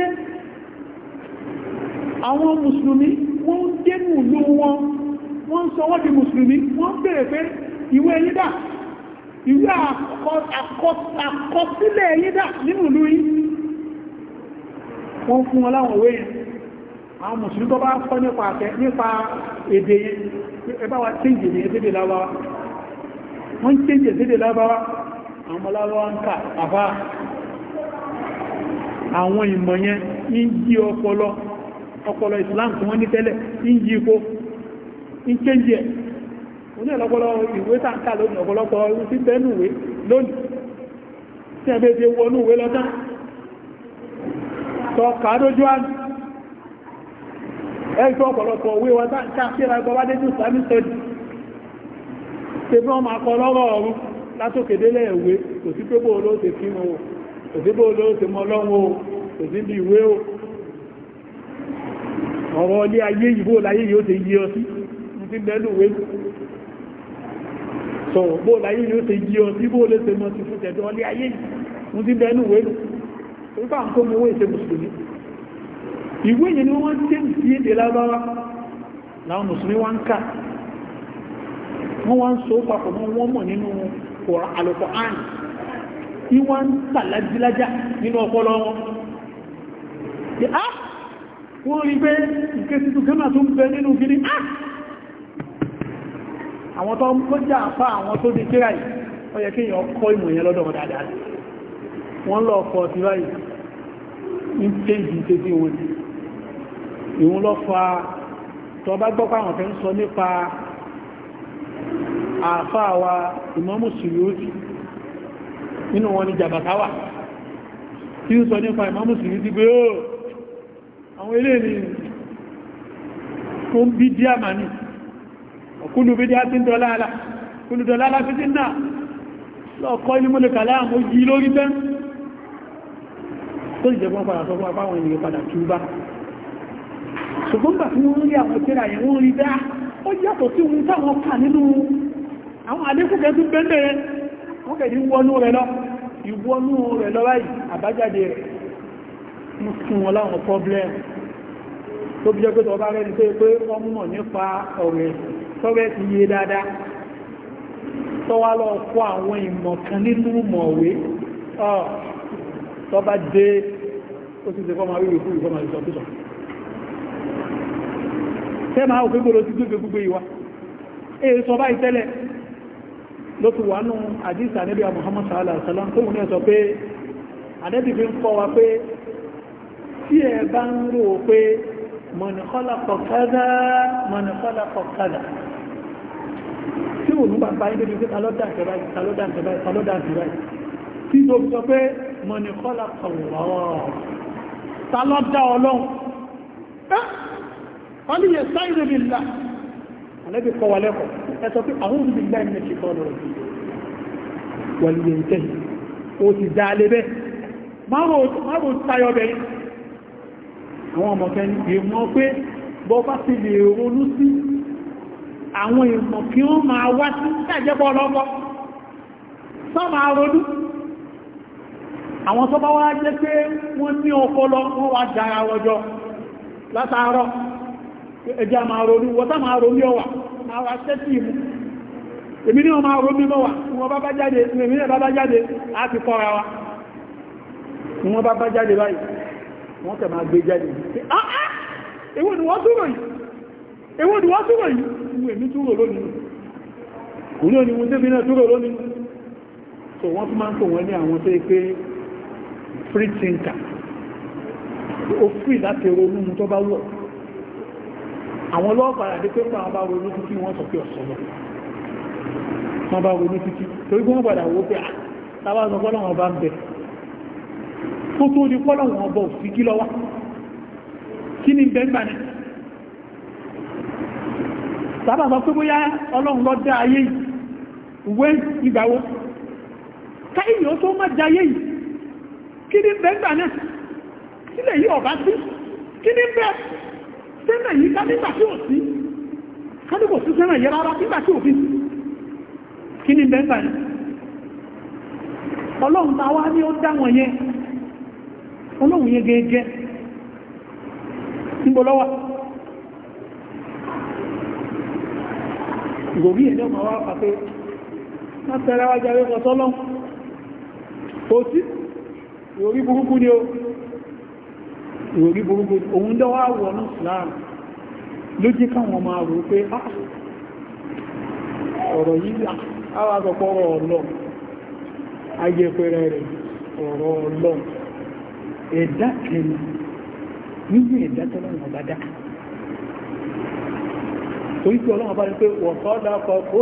àwọn mùsùlùmí wọ́n ń dénú ló wọn wọ́n ń sọ wọ́n di mùsùlùmí wọ́n bèèrè pé ìwé yídà ìwé àkọsílẹ̀ yídà nínú ìlú yìí wọ́n fún wọn láwọn òwe yẹn àwọn mùsùlùmí tó bá kọ́ nípa àtẹ nípa èdè yẹn ẹbá wa tíǹjì ní ẹ̀sẹ̀dẹ̀ lábáwá wọ́n tíǹjì ẹ̀sẹ̀dẹ̀ lábáwá àwọn ọlọ́wọ́ ń kà àfá àwọn ìmọ̀ yẹn ń jí ọpọlọ ọpọlọ Islam tí wọ́n ní tẹ́lẹ̀ ń jí ipò ń kéjì ẹ̀ oní ọ̀lọ́pọlọ ìwé tàǹkà lónìí ọ̀pọ̀lọpọ̀ sí bẹ́nùwé lónìí tí ẹgbẹ́ ti wọnú ìwé lọ́tán tọ́ kàádójú àmì ẹgbẹ́ ọ̀pọ̀lọpọ̀ owó wa tàǹkà sí ẹgbẹ́ wádé ní ìsàmì sọ́dì látòkèdélẹ̀ ìwé kò sí pé bóòló ti fi wọn o kò sí bóòló ti mọ lọ́wọ́ o kò sí bí ìwé o ọ̀rọ̀ ilé ayé ìbò láyé yóò ti yí ọ sí ti bẹ́lú ìwé sọ bó láyé yóò ti yí ọ sí bóòlé ti mọ ti fún tẹ̀dọ̀ ilé ayé yìí ti bẹ́lú ìwé nípa nǹkan mú owó ìṣe mùsùlùmí ìwé yìí ni wọ́n tẹ́ sí èdè lábáwá láwọn mùsùlùmí wá ń kà wọ́n wá ń so papọ̀ mọ́ wọ́n mọ̀ nínú wọn alukur'an tí wọ́n ń tà lájílájá nínú ọpọlọ wọn tí á ah! wọ́n rí pé ìké tuntun gánà tó ń bẹ nínú gírí á ah! àwọn tó ń kọjá àpá àwọn tó di kíra yìí ó yẹ kí èèyàn kọ́ ìmọ̀ yẹn lọ́dọ̀ dáadáa wọ́n lọ fọ́ ti báyìí ń tẹ́jì ń tẹ́jì wọn ìwọ́n lọ fa tọ́ bá gbọ́ pàwọn fẹ́ ń sọ nípa àfáàwà ìmọ́mù sùlúùtì nínú wọn ni jàbàtáwà tí ó sọ nípa ìmọ́mù sùlúùtì pé ó àwọn ilé ni ó ń bí díà mà ní ọkúlù bí díà tí ń dọ́láàlá kúlù dọ́láàlá fi tí náà lọ́ọ̀kọ́ ní múlẹ̀ kàlá àmó yí lórí tẹ́ tó ìjẹ̀gbọ́n padà sọ fún apáwọn ènìyàn padà túbá ṣùgbọ́n gbà tí wọ́n rí àwọn ìkẹ́rà yẹn wọ́n rí dá ah, ó yàtọ̀ sí ohun táwọn kà nínú àwọn àlékùnkẹ́ tún bẹ́ẹ̀ yẹn wọ́n kẹ̀ ní wọnú rẹ̀ lọ ìwọnú rẹ̀ lọ báyìí àbájáde rẹ̀ ń fún wọn láwọn problem tó bí jẹ́ pé tọba rẹ̀ ní pé pé wọ́n mọ̀ nípa ọ̀rẹ́ tọ́rẹ́ ti yé dáadáa tọ́wá lọ kó àwọn ìmọ̀ kan nínú mọ̀wé tọba dé ó ti tẹ́kọ́ máa wíwé fún ìfọ́mà ìsọ̀túsọ̀ tẹ́ máa ò pé gbogbo ti gbogbo ìwà èè sọ báyìí tẹ́lẹ̀ ló ti wà nù àdísà níbi a Muhammad sallallahu alaihi wasallam tó wùn ní ẹ̀sọ pé àdẹ́bì fi ń kọ́ wa pé tí ẹ bá ń rò pé man khalaqa kaza man khalaqa kaza tí wùn ní bàbá yìí débi pé ta ló dá ìjọba yìí ta ló dá Allah ta ló dá ọlọ́run wọ́n ẹ sọ pé àwọn òbí gbígbà ẹ̀mí ṣe kọ́ lọ́rọ̀ sí wọ́n lè tẹ́ o ti dá alẹ́ bẹ́ márùn tayọ bẹ́ àwọn ọmọkẹ́ ní ìmọ̀ pé bọ́ bá ti lè ronú sí àwọn ìmọ̀ kí wọ́n máa wá sí ṣàjẹ́bọ́ lọ́pọ̀ sọ ronú àwọn tó wá jẹ́ pé wọ́n ní ọpọlọ wọ́n wá dára rọjọ látàárọ̀ ẹjá máa ronú wọ́n máa ronú ọwà máa wá sẹ́tì ìmú èmi ní ọmọ àwọn mímọ́ wà wọn bá bá jáde èmi náà bá bá jáde á ti kọ́ra wa wọn bá bá jáde báyìí wọ́n tẹ̀ máa gbé jáde ah, ah, èwo ni wọ́n túrò yìí èwo ni wọ́n túrò yìí ìwé mi túrò lónìí kò ní oníwọ̀n tẹ́bí náà túrò lónìí so wọ́n tún máa ń tò wọ́n ní àwọn tó pé free thinker ó free láti ronú tó bá wọ̀ àwọn lọ́pàá dé pé wọ́n bá ronú títí wọ́n sọ pé ọ̀sọ̀ lọ wọ́n bá ronú títí torí wọ́n padà wó pé àtàwà ah, sọ pọ́lọ̀wọ̀n bá ń bẹ̀ tó tó di pọ́lọ̀wọ̀n bọ̀ sí kí lọ́wọ́ kí ni bẹ́ńgbà ni sábà sọ pé bóyá ọlọ́run lọ dá ayé yìí wé ìgbàwó káyìí ó tó má jayé yìí kí ni bẹ́ńgbà náà sílẹ̀ yìí ọ̀bá sí kí ni bẹ́ẹ̀ sẹ́nà yìí ká nígbà tí ò sí ká nígbà tí sẹ́nà yẹ rárá nígbà tí ò fi kí ni mẹ́ta ni ọlọ́run ta wá ní ó dá wọn ọlọ́run yẹn gẹ́gẹ́ níbo lọ́wọ́ ìgbòrí ẹ̀lẹ́ wá pàtẹ́ látẹ́rẹ́wájá rẹ̀ ìròrí burúkú òun lọ́wọ́ wọnú Islam ló jí káwọn máa rò ah, pé ọ̀rọ̀ yìí àwàgọ̀pọ̀ ọ̀lọ́ ayẹpẹrẹ rẹ̀ ọ̀rọ̀ ọlọ́ ẹ̀dá kẹni nínú ẹ̀dá tọ́lọ́wọ̀n bá dá torí pé ọlọ́wọ̀n bá rí pé wọ̀sọ́dá kọ kó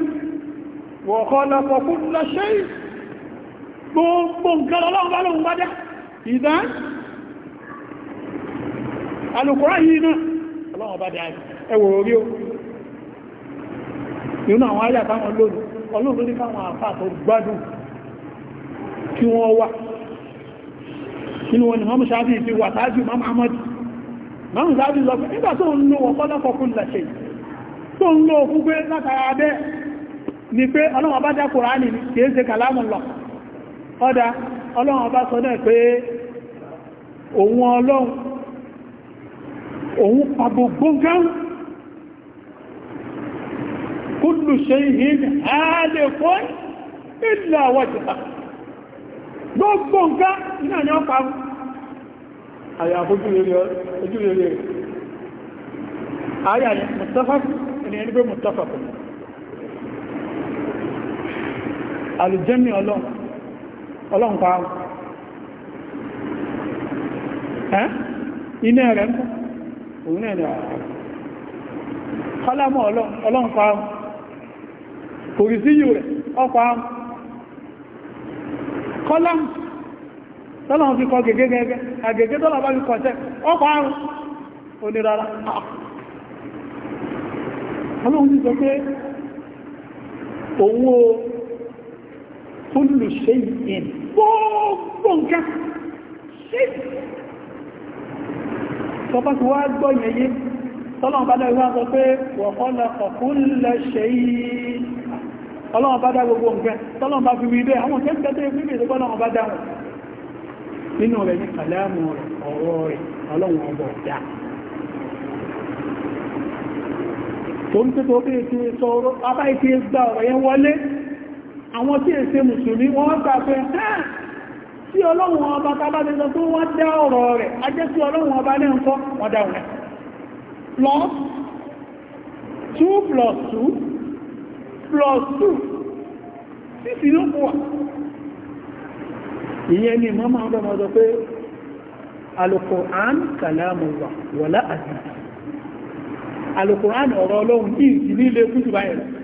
ń وخلق كل شيء gbogbo nǹkan ọlọ́run bá lóun bájá ìdá alùkùrá yìí náà ọlọ́run bá dáa ẹwọ̀ orí o nínú àwọn ayà táwọn lónìí ọlọ́run ní káwọn àfà tó gbádùn kí wọ́n wà wọn ni sáájú wà sáájú ni pé ọlọ́wọ́ bá já kùránì kìí ṣe kàlámù lọ ọ́dá ọlọ́wọ́ bá sọ náà pé òun ọlọ́run òun pa gbogbo gán kullu shay'in halikun illa wajha gbogbo nǹkan iná ni ó parú àyà àfojúrere rẹ̀ ayà mùtafàkù ẹni ẹni pé mùtafàkù alùjẹ́mì ọlọ́run pa iná rẹ̀ mọ́ òun ẹ̀rẹ̀ kọ́lámọ́ ọlọ́run pa orí sí yìí rẹ̀ ọpa kọ́lámù tọ́lọ́run fi kọ gẹ́gẹ́ gẹ́gẹ́ agẹ́gẹ́ tọ́lọ́ bá fi kọ̀ ahụ. ọpa àrùn ti sọ pé òun kúlù ṣe ìyẹn gbogbo nǹkan ṣe tọba ti wá gbọ́ yẹye tọ́lọ́wọ́n bá dáwọ́ sọ pé wọ̀kọ́lọ̀ ọ̀kúnlẹ̀ ṣe yìí ọlọ́wọ́n bá dá gbogbo nǹkan tọ́lọ́wọ́n bá fi wí bẹ́ àwọn tẹ́gbẹ́ tó fi bèèrè tọ́lọ́wọ́n bá dáwọn nínú rẹ̀ ní kàlámù ọ̀rọ̀ rẹ̀ ọlọ́wọ́n àwọn tí èsè mùsùlùmí wọ́n gbà pé hàn tí ọlọ́run ọba tàbá ti sọ tó wọ́n dá ọ̀rọ̀ rẹ̀ a jẹ́ sí ọlọ́run ọba ní ǹkọ́ wọ́n dá ọ̀rẹ́ plus 2 plus 2 plus 2 sísì ló pọ̀ ìyẹn ni mọ́ máa ń bọ́mọ́ sọ pé Al-Qur'an kalamullah wala àti Al-Qur'an ọ̀rọ̀ ọlọ́run kí ìsìlí ilé kújù báyìí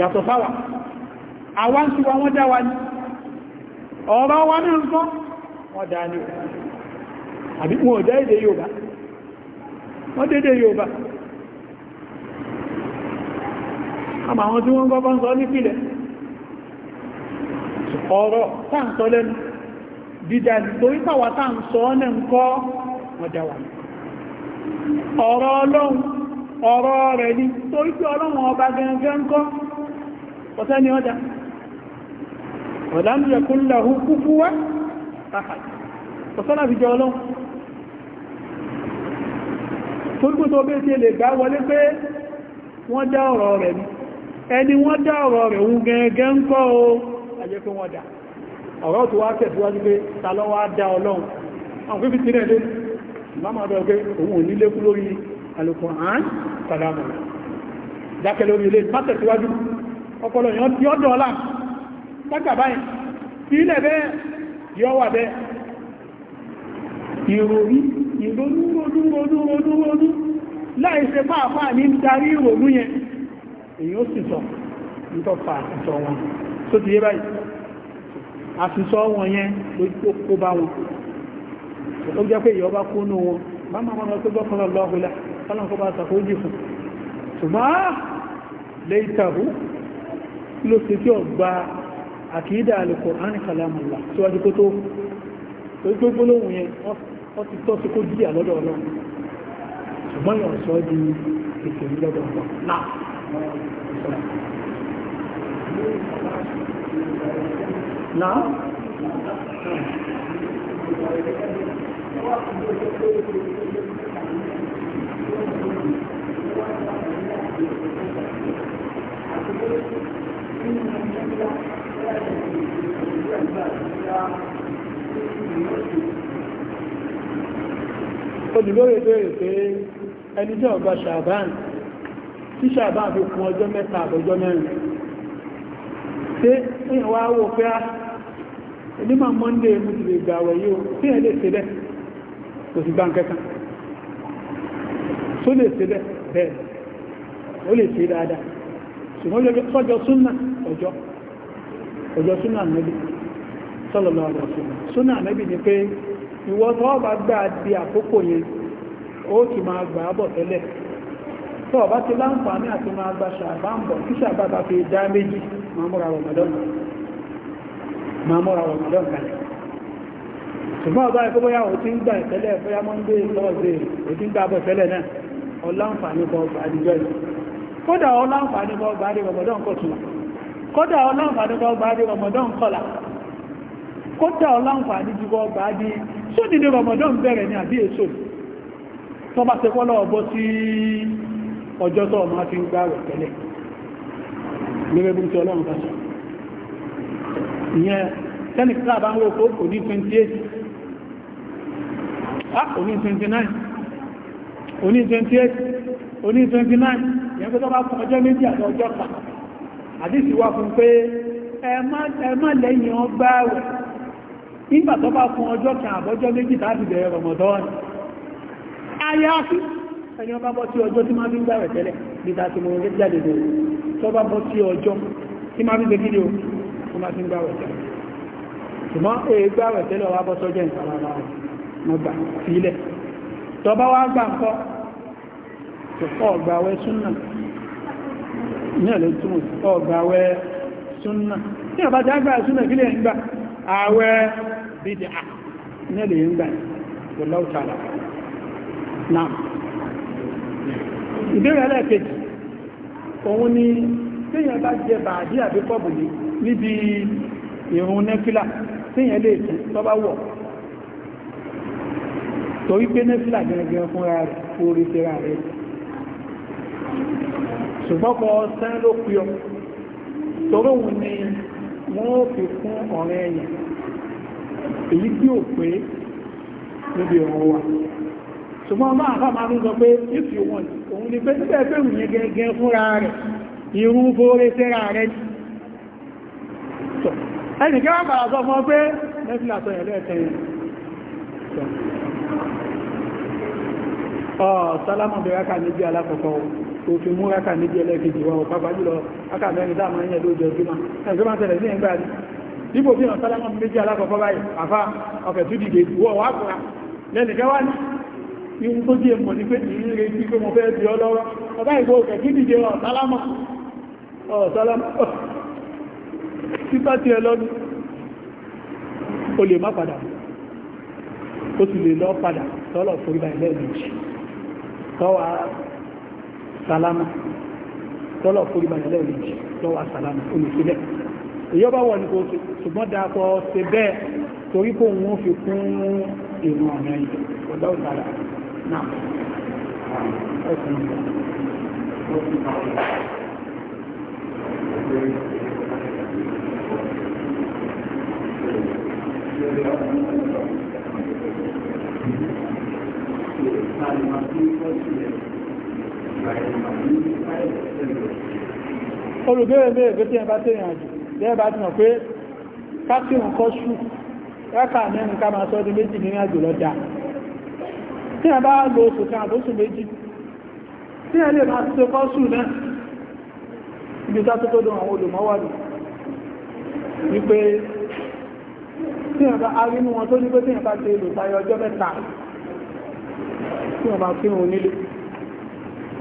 yàtọ̀ sáwà àwa ń wọ́n wa ní ọ̀rọ̀ wa náà ń wọ́n dá ní àbí wọn ọrọ dá èdè Yorùbá wọ́n dédé Yorùbá àmà àwọn tí wọ́n gọ́gọ́ ń ni torí pé Ọlọ́run ọba gẹ́gẹ́ ń kọ́ ọ̀tẹ́ ni ọjà ọ̀lámúyẹ kó lọ́hù kúkú wá ọ̀sọ́nà fi jọ ọlọ́ tókù tó bẹ́ tí lè gbá wọlé pé wọ́n dá ọ̀rọ̀ rẹ̀ ní ẹni wọ́n dá ọ̀rọ̀ rẹ̀ ń gẹ́gẹ́ ń kọ́ o ajẹ́ pé wọ́n dá ọ̀rọ̀ tó wá tẹ̀síwájú pé pé òun ò ọpọlọ èèyàn tí ó dọ́ọ̀lá lágbàbáyìn tí ilẹ̀ bẹ́ẹ̀ yọ wà bẹ́ẹ̀ ìròrí ìrònúrodúrodúrodú láìṣe pàápàá ní darí ìrònú yẹn èyàn sì sọ nítọ́fà àtìsọ wọn tó ti yé báyìí àtìsọ wọn yẹn ló kó bá wọn ó jẹ́ pé ìyọba kó nú wọn bá máa wọn tó gbọ́kànlọ́ lọ́hùlá kọ́lọ́n kó bá sàkójì fún ṣùgbọ́n lẹ́ìtàrú kí ló ṣe tí ó gba àkídà al-Qur'an kalamullah síwájú kó tó yẹn ó ti tọ́ sí kó ọlọ́run sọ Thank olùlórí bèèrè pé ẹni tí ọgbà ṣàbán tí ṣàbán fi kún ọjọ́ mẹ́ta àbọ̀jọ́ mẹ́rin tí èyàn wá wò pé á onímọ̀ monday mú ti lè gbà wẹ̀yí o tí ẹ lè ṣe lẹ́ kò sì gbá nkẹ́kan tó lè ṣe bẹ́ẹ̀ ó lè ṣe dáadáa ṣùgbọ́n sọ́jọ́ súnà ọjọ́ ọjọ́ súnà nẹ́bí sallallahu pé bá gba di àkókò yẹn o ti máa gbà á tẹ́lẹ̀ tó bá ti láǹfààní àti máa gba ṣàbá ń fi dá méjì máa ọba ẹ̀kọ́ bóyá ti ń ìtẹ́lẹ̀ gbé lọ́ọ̀dẹ̀ ti ń gbà bọ̀ tẹ́lẹ̀ náà ọláǹfààní kan kódà ọlọ́nfàdúgbọ́ gbáre rọmọdán kọtùlá kódà ọlọ́nfàdúgbọ́ gbáre rọmọdán kọlá kódà ọlọ́nfàdúgbọ́ gbáre sódìdí rọmọdán bẹ̀rẹ̀ ní àbí èso tó ọbọ́ sí ọjọ́ tó ìyẹn pé tó bá fún ọjọ́ méjì àti ọjọ́ kan àdísì wá fún pé ẹ má lẹ́yìn ọgbà ẹ̀wẹ̀ nígbà tó bá fún ọjọ́ kan àbọ́jọ́ méjì láti bẹ̀rẹ̀ Ramadan àyàfi ẹni ọba bọ́ sí ọjọ́ tí máa fi ń gbàwẹ̀ tẹ́lẹ̀ nígbà tí mo rí jáde lórí tó bá bọ́ sí ọjọ́ tí máa fi ń gbẹ̀kídé o tó máa fi ń gbàwẹ̀ tẹ́lẹ̀ ṣùgbọ́n èé gbàwẹ̀ tẹ́lẹ̀ ọwá bọ́ sọ́jọ́ ìpàlára ọgbà sílẹ̀ tó bá wá gbà ń kọ́ ọ̀gbàwẹ́ súnnà ní ẹ̀lẹ́ túnmù ọ̀gbàwẹ́ súnnà ní ọba tí a gbà súnnà kílẹ̀ ń gbà àwẹ́ bídì à ní ẹ̀lẹ́ ń gbà pẹ̀lọ́tàlá náà ìbéèrè ẹlẹ́ẹ̀kejì òun ni tíyàn bá jẹ bàájí àbí pọ́bù níbi ìrún nẹ́fílà tíyàn lè tún tọ́bá wọ̀ torí pé nẹ́fílà gẹ́gẹ́ fúnra rẹ̀ orí tẹ́ra rẹ̀ ṣùgbọ́n bọ́ sán ló pí ọ torí ni wọ́n fi fún ọ̀rẹ́ ẹ̀yàn èyí tí ò pé níbi ọ̀rọ̀ wa ṣùgbọ́n máa fà máa ń sọ pé if you want òun ni pé níbẹ̀ pé òun yẹn gẹ́gẹ́ fúnra rẹ̀ irun fóore sẹ́ra rẹ̀ ẹni kí wọ́n bàrà sọ fún ọ pé nẹ́fìlà sọ ẹ̀lẹ́ ẹ̀tẹ̀yìn ọ̀ sálámù bẹ̀rẹ̀ kà níbi alákọ̀ọ́kọ́ tó fi mú rákà méjì ẹlẹ́kejì wa ọ̀pápá jùlọ rákà mẹ́rin dáàmà yẹn lójú ọjọ́ ẹgbẹ́ máa tẹ̀lẹ̀ sí ẹgbẹ́ àti dípò fi hàn sálámà méjì alákọ̀ọ́kọ́ báyìí àfá ọ̀fẹ́ tó dìde wọ́ wá kura lẹ́nìkẹ́ wá ní ihun tó di èmọ̀ ní pé ní ilé tí pé mo fẹ́ di ọlọ́rọ̀ ọba ìgbò òkè kí dìde ọ̀ sálámà ọ̀ sálámà títà ti ẹ lọ́dún o lè má padà ó sì lè lọ padà tọ́lọ̀ fún ibà ilẹ̀ ìjì tọ́wàá sálámà tọ́lọ̀ fórí balẹ̀ lẹ́ẹ̀mejì lọ́wọ́ sálámà olùsílẹ̀ ìyọba wọ̀ ní kò ṣùgbọ́n dápọ̀ ṣe bẹ́ẹ̀ torí kò wọ́n fi kún ìrùn ọ̀nà ìjọ ọ̀dọ́ ìtara náà ẹ̀sùn Thank you olùgbèrè mẹ́rẹ̀ pé tí ẹ bá tẹ́rìn àjò lẹ́ẹ̀ bá ti mọ̀ pé kápírùn kọ́ ṣù ẹ́kà mẹ́rin ká máa sọ́dún méjì nínú àjò lọ́jà tí ẹ bá lo oṣù kan àbóṣù méjì tí ẹ lè máa ti kọ́ ṣù náà ibi tó tó dùn àwọn olùmọ́wàlù wípé tí ẹ bá arínú wọn tó ní pé tí ẹ bá ti lò tayọ ọjọ́ mẹ́ta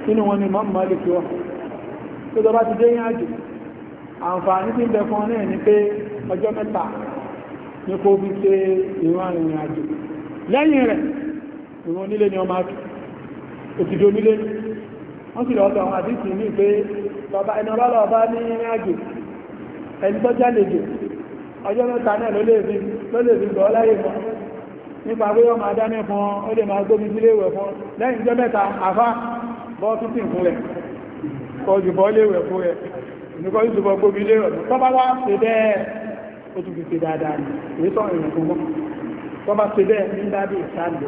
nínú wọn ni mọ́mù malik wọ́ tó tọ́ ti dé yín àǹfààní tí ń bẹ fún ọ náà ni pé ọjọ́ mẹ́ta ní kó fi ṣe ìran ìrìn àjò lẹ́yìn rẹ̀ onílé ni ọmọ akẹ́ òtìdó onílé wọ́n sì lọ́ọ̀tọ̀ àwọn àdíkì ní pé bàbá ẹni ọlọ́lọ́ ọba ní ìrìn àjò ẹni tó ọjọ́ mẹ́ta fi ló lè fi gbọ́ láyé nípa pé ọmọ adá ní fún ọ lè máa sílé ìwẹ̀ fún lẹ́yìn bọ́ títí ìfúnlẹ̀ kọjùbọ́ léwẹ̀ fún rẹ̀ nìkan ìjùbọ́ gbóbi lérọ̀ tó bá wá ṣe bẹ́ẹ̀ ó tún fi ṣe dáadáa ní èyí tó ìrìn fún mọ́ tó bá ṣe bẹ́ẹ̀ ní dábì ìsáàlù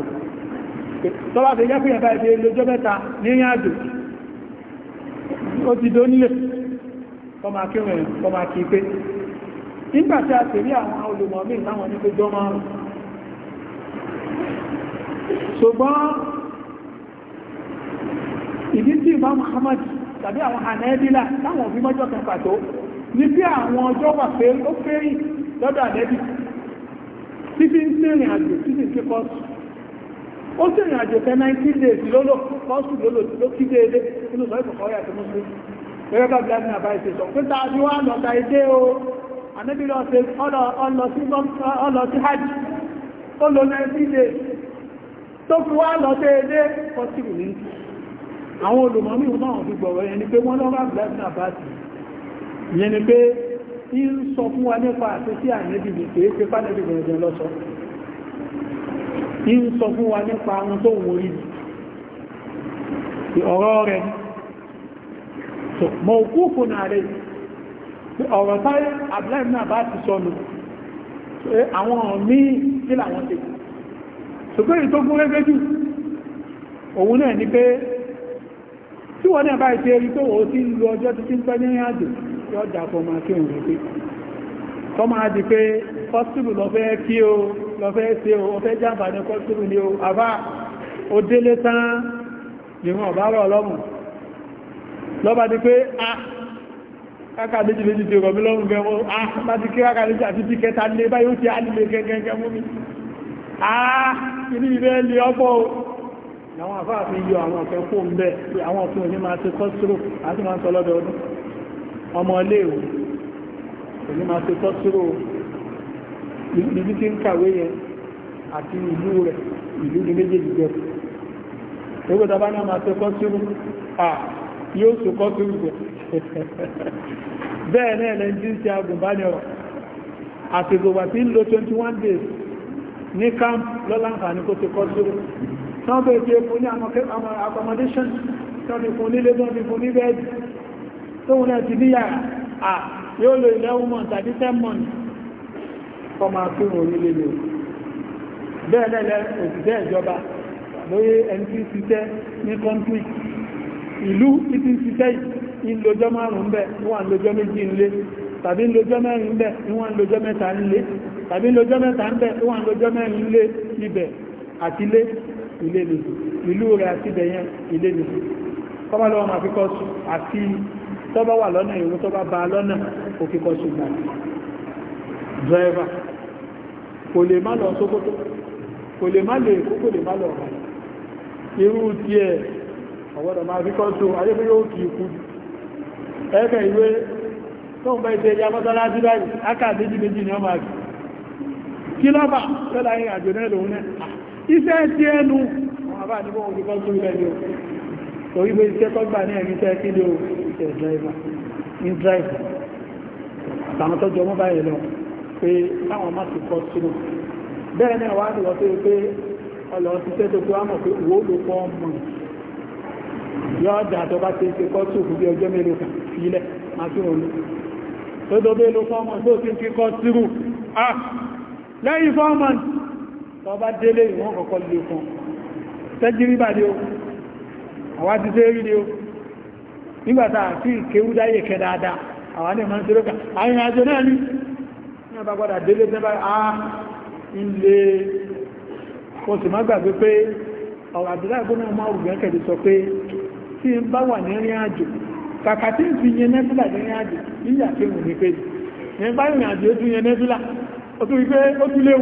tó bá ṣe jẹ́ fún ẹ̀fà ìṣe lójọ́ mẹ́ta ní ìrìn àjò ó ti dó nílé tó máa kí rìn tó máa kí pé nígbà tí a ṣe rí àwọn olùmọ̀ míì táwọn ní pé jọ márùn-ún ṣùgbọ́n ìdí tí Imam Muhammad tàbí àwọn hanẹ́bílà táwọn òfin mọ́jọ́ kan pàtó ní bí àwọn ọjọ́ wà pé ó fẹ́rí lọ́dọ̀ àdẹ́bì títí ń sẹ́rìn àjò títí ń ké kọ́ọ̀tù ó sẹ́rìn àjò tẹ́ 19 days lólò kọ́ọ̀tù lólò ló kí déédé nínú sọ ìfọ̀kọ́ ọ̀yà tó mọ́sí gẹ́gẹ́ bá gbẹ́gbẹ́ àbáyé ṣe sọ pé ta ni wá lọ ta ilé o ànẹ́bí lọ sí ọlọ sí hajj ó lọ 19 days tó fi wá lọ sí ilé kọ́ọ̀tù nìyí àwọn olùmọ̀mí náà fi gbọ̀rọ̀ yẹn ni pé wọ́n lọ́rọ̀ àbúlásí àbáàtì yẹn ni pé ń sọ fún wa nípa àti sí ànẹ́bì ní pé pé pánẹ́bì gbẹ̀rẹ̀ lọ́sọ ń sọ fún wa nípa ohun tó wò rí ọ̀rọ̀ rẹ̀ mọ̀ òkú fún ààrẹ ọ̀rọ̀ táyé àbúlásí àbáàtì sọnù eh, àwọn míì kí làwọn tèkù ṣùgbọ́n ìtógún rẹ́gẹ́jù òun náà ni pé tí wọ́n náà bá ti rí tó wọ́n tí ń lo ọjọ́ títí ń pẹ́ ní àjò yóò dà fọ́ máa kí òun rẹ̀ kọ́ máa di pé kọ́sùlù lọ́fẹ́ kí o lọ́fẹ́ ṣe o ọfẹ́ jàǹbá ní o àbá o délé tán ìwọ̀n ọ̀bá rọ̀ lọ́mù lọ́bá di pé a ah, káka méjì méjì ti rọ̀ mí lọ́mù gẹ́mọ́ a ah, bá ti kí káka méjì àti kẹta lé báyìí ó ti á nílé gẹ́gẹ́gẹ́ mú mi a ìrí ìrẹ́ lè ọgbọ́ àwọn àfáà fi yọ àwọn ọ̀fẹ́ kó ń bẹ́ pé àwọn ọ̀fẹ́ òní máa ṣe kọ́sírò àti máa ń sọ lọ́dọọdún ọmọ iléèwé òní máa ṣe kọ́sírò ibi tí ń kàwé yẹn àti ìlú rẹ̀ ìlú ní méjèèjì jẹ́ ewé tàbá náà máa ṣe kọ́sírò à yóò ṣe kọ́sírò jẹ́ bẹ́ẹ̀ náà lẹ́yìn tí ń ṣe agùnbánirọ̀ àti ìgbògbà tí ń lo 21 days ní camp lọ́láǹfà ní kó ṣe kọ́sírò tán bẹ̀rẹ̀ bí epo ní accommodation tán fi fún nílé tán fi fún ní bẹ́ẹ̀dì tóun náà ti níyàrá à yóò lo 11 months àti 10 months kọ máa fún orílẹ̀ òṣìṣẹ́ ìjọba lórí tàbí lójọ́ mẹ́rin bẹ́ níwọ̀n lójọ́ mẹ́ta nílé tàbí lójọ́ mẹ́ta ń bẹ́ níwọ̀n lójọ́ mẹ́rin nílé ibẹ̀ àti lé ilé ni ìlú rẹ̀ àti ìbẹ̀yẹn ilé ni kọ́bá lọ́wọ́ máa kíkọ́ sùn àti tọ́bá wà lọ́nà ìwé tọ́bá bá lọ́nà kò kíkọ́ sùn gbà dírẹ́fà kò lè má lọ sókótó kò lè má lè kó kò lè má lọ ọ̀rọ̀ irú díẹ̀ ọ̀wọ́dọ̀ máa kíkọ́ sùn ayébí yóò kì í kú ẹ̀ẹ́kẹ̀ ìwé tó ń bá ìṣe ẹja mọ́sálásí báyìí ákà méjì méjì ni wọ́n máa kí lọ́bà tọ́lá ìrìn àjò náà lòun náà iṣẹ́ ti ẹnu àwọn àbá ní wọ́n olùkọ́ tó ilẹ̀ yóò torí pé iṣẹ́ tó gbà ní ẹ̀rí iṣẹ́ kí ló iṣẹ́ driver in driver àtàwọn tó jọ mọ́ báyìí lọ pé táwọn má ti kọ́ sínú bẹ́ẹ̀ náà wá lọ sí pé ọlọ́ ṣiṣẹ́ tó tó ámọ̀ pé wo ló kọ́ mọ̀ yóò dà tó bá ti ṣe kọ́ tó fún bí ọjọ́ mélòó kan sílẹ̀ má sí òun tó tó bẹ́ẹ̀ ló kọ́ mọ̀ tó ti fi kọ́ sírù ah lẹ́yìn fọ́ọ̀mọ̀ntì tó bá délé ìwọ̀n kọ̀kọ́ lè fún tẹ́jìríbà lé o àwa ti tẹ́ rí lé o nígbàtà àti ìkéwú dáyé kẹ ní ìmọ̀ ìṣẹ́lẹ́kà àyìn àjò náà ní ní délé tẹ́bá a ilé o sì má gbàgbé pé ọ̀rọ̀ àdúrà gbóná ọmọ òrùgbẹ́ kẹ̀lé sọ pé tí n bá wà ní rìn àjò kàkà tí n fi yẹn nẹ́fìlà ní rìn àjò ó tún yẹn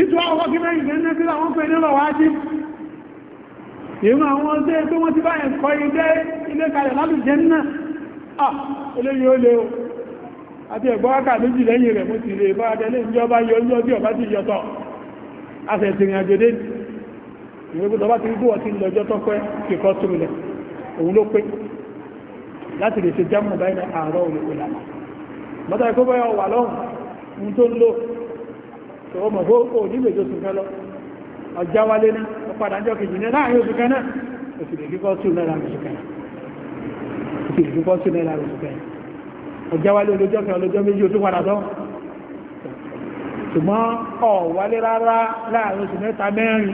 ìtù àwọn ọkí mẹ́rin gẹ́gẹ́ nẹ́fílà wọ́n pè nílọ wájí ìmọ̀ àwọn ọdẹ́ tó wọ́n ti báyẹ̀ kọ ilé ilé kalẹ̀ láti jẹ́ náà ilé yóò lè o àti ẹ̀gbọ́ wákà méjì lẹ́yìn rẹ̀ mú ti lè bá adẹ́lé ìjọba yọ ní ọdí ọba ti yọtọ̀ asẹ̀sìnrìn àjòdé ìrẹ́gbẹ́ta bá ti rí búwọ̀ tí ń lọ́jọ́ tó pẹ́ kíkọ́ túnlẹ̀ òun ló pé láti lè ṣe jẹ́mù báyìí àárọ̀ olùkọ́lá mọ́tà ìkọ́bọ̀ yọ wà lọ́rùn tó ń lò tó o mọ̀ fóókò nílẹ̀ tó sùn kan lọ ọjà wálé náà ó padà ń jọ kejì ní láàrin oṣù kan náà oṣù lè kíkọ́ sùn náà láàrin oṣù kan oṣù lè kíkọ́ sùn náà láàrin oṣù kan ọjà wálé olójọ́ kan olójọ́ méjì oṣù padà tán ṣùgbọ́n ọ̀ wálé rárá láàrin oṣù mẹ́ta mẹ́rin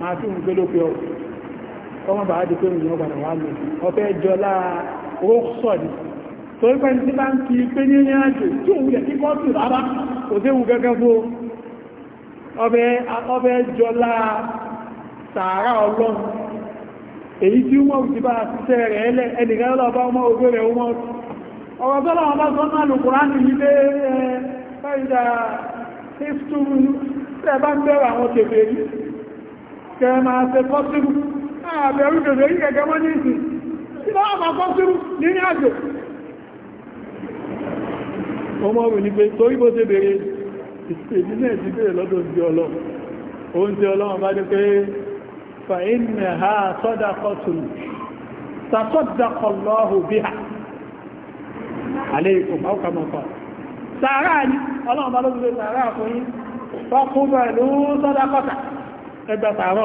máa tí òun gbé lópe ọ̀ ọmọ bàá di pé òun ní tí bá ń kí pé ní ìrìn tí òun yẹ kíkọ́ sùn rárá kò sí òun gẹ́gẹ́ fún ọbẹ̀ jọlá sàárà ọlọ́run èyí tí wọ́n ti bá ṣiṣẹ́ rẹ̀ ẹlẹ́ ẹnìkan lọ bá ọmọ ogbó rẹ̀ wọ́n ọ̀rọ̀ tọ́lá wọn bá sọ náà lùkùnrán ní ilé ẹ̀ẹ́dà ìfúrú tẹ́ bá ń bẹ̀rù àwọn kèfèrí kẹ máa ṣe kọ́sírù àbẹ̀rù kèfèrí kẹ̀kẹ́ wọ́n ní ìsìn tí lọ́wọ́ máa kọ́sírù nínú àjò ọmọ obìnrin pé torí bó ṣe ìpèdí náà ti bèèrè lọ́dọ̀ oúnjẹ ọlọ́run oúnjẹ ọlọ́run bá dé pé fàínà ha sọ́dàkọ́tùn sàkọ́dàkọ́lọ́hù bí ha aléìkùn àwọ́kàmọ́kọ́ sàárà ní ọlọ́run bá lọ́dún sàárà fún yí fọ́kúnbà ló sọ́dàkọ́tà ẹgbà sàárà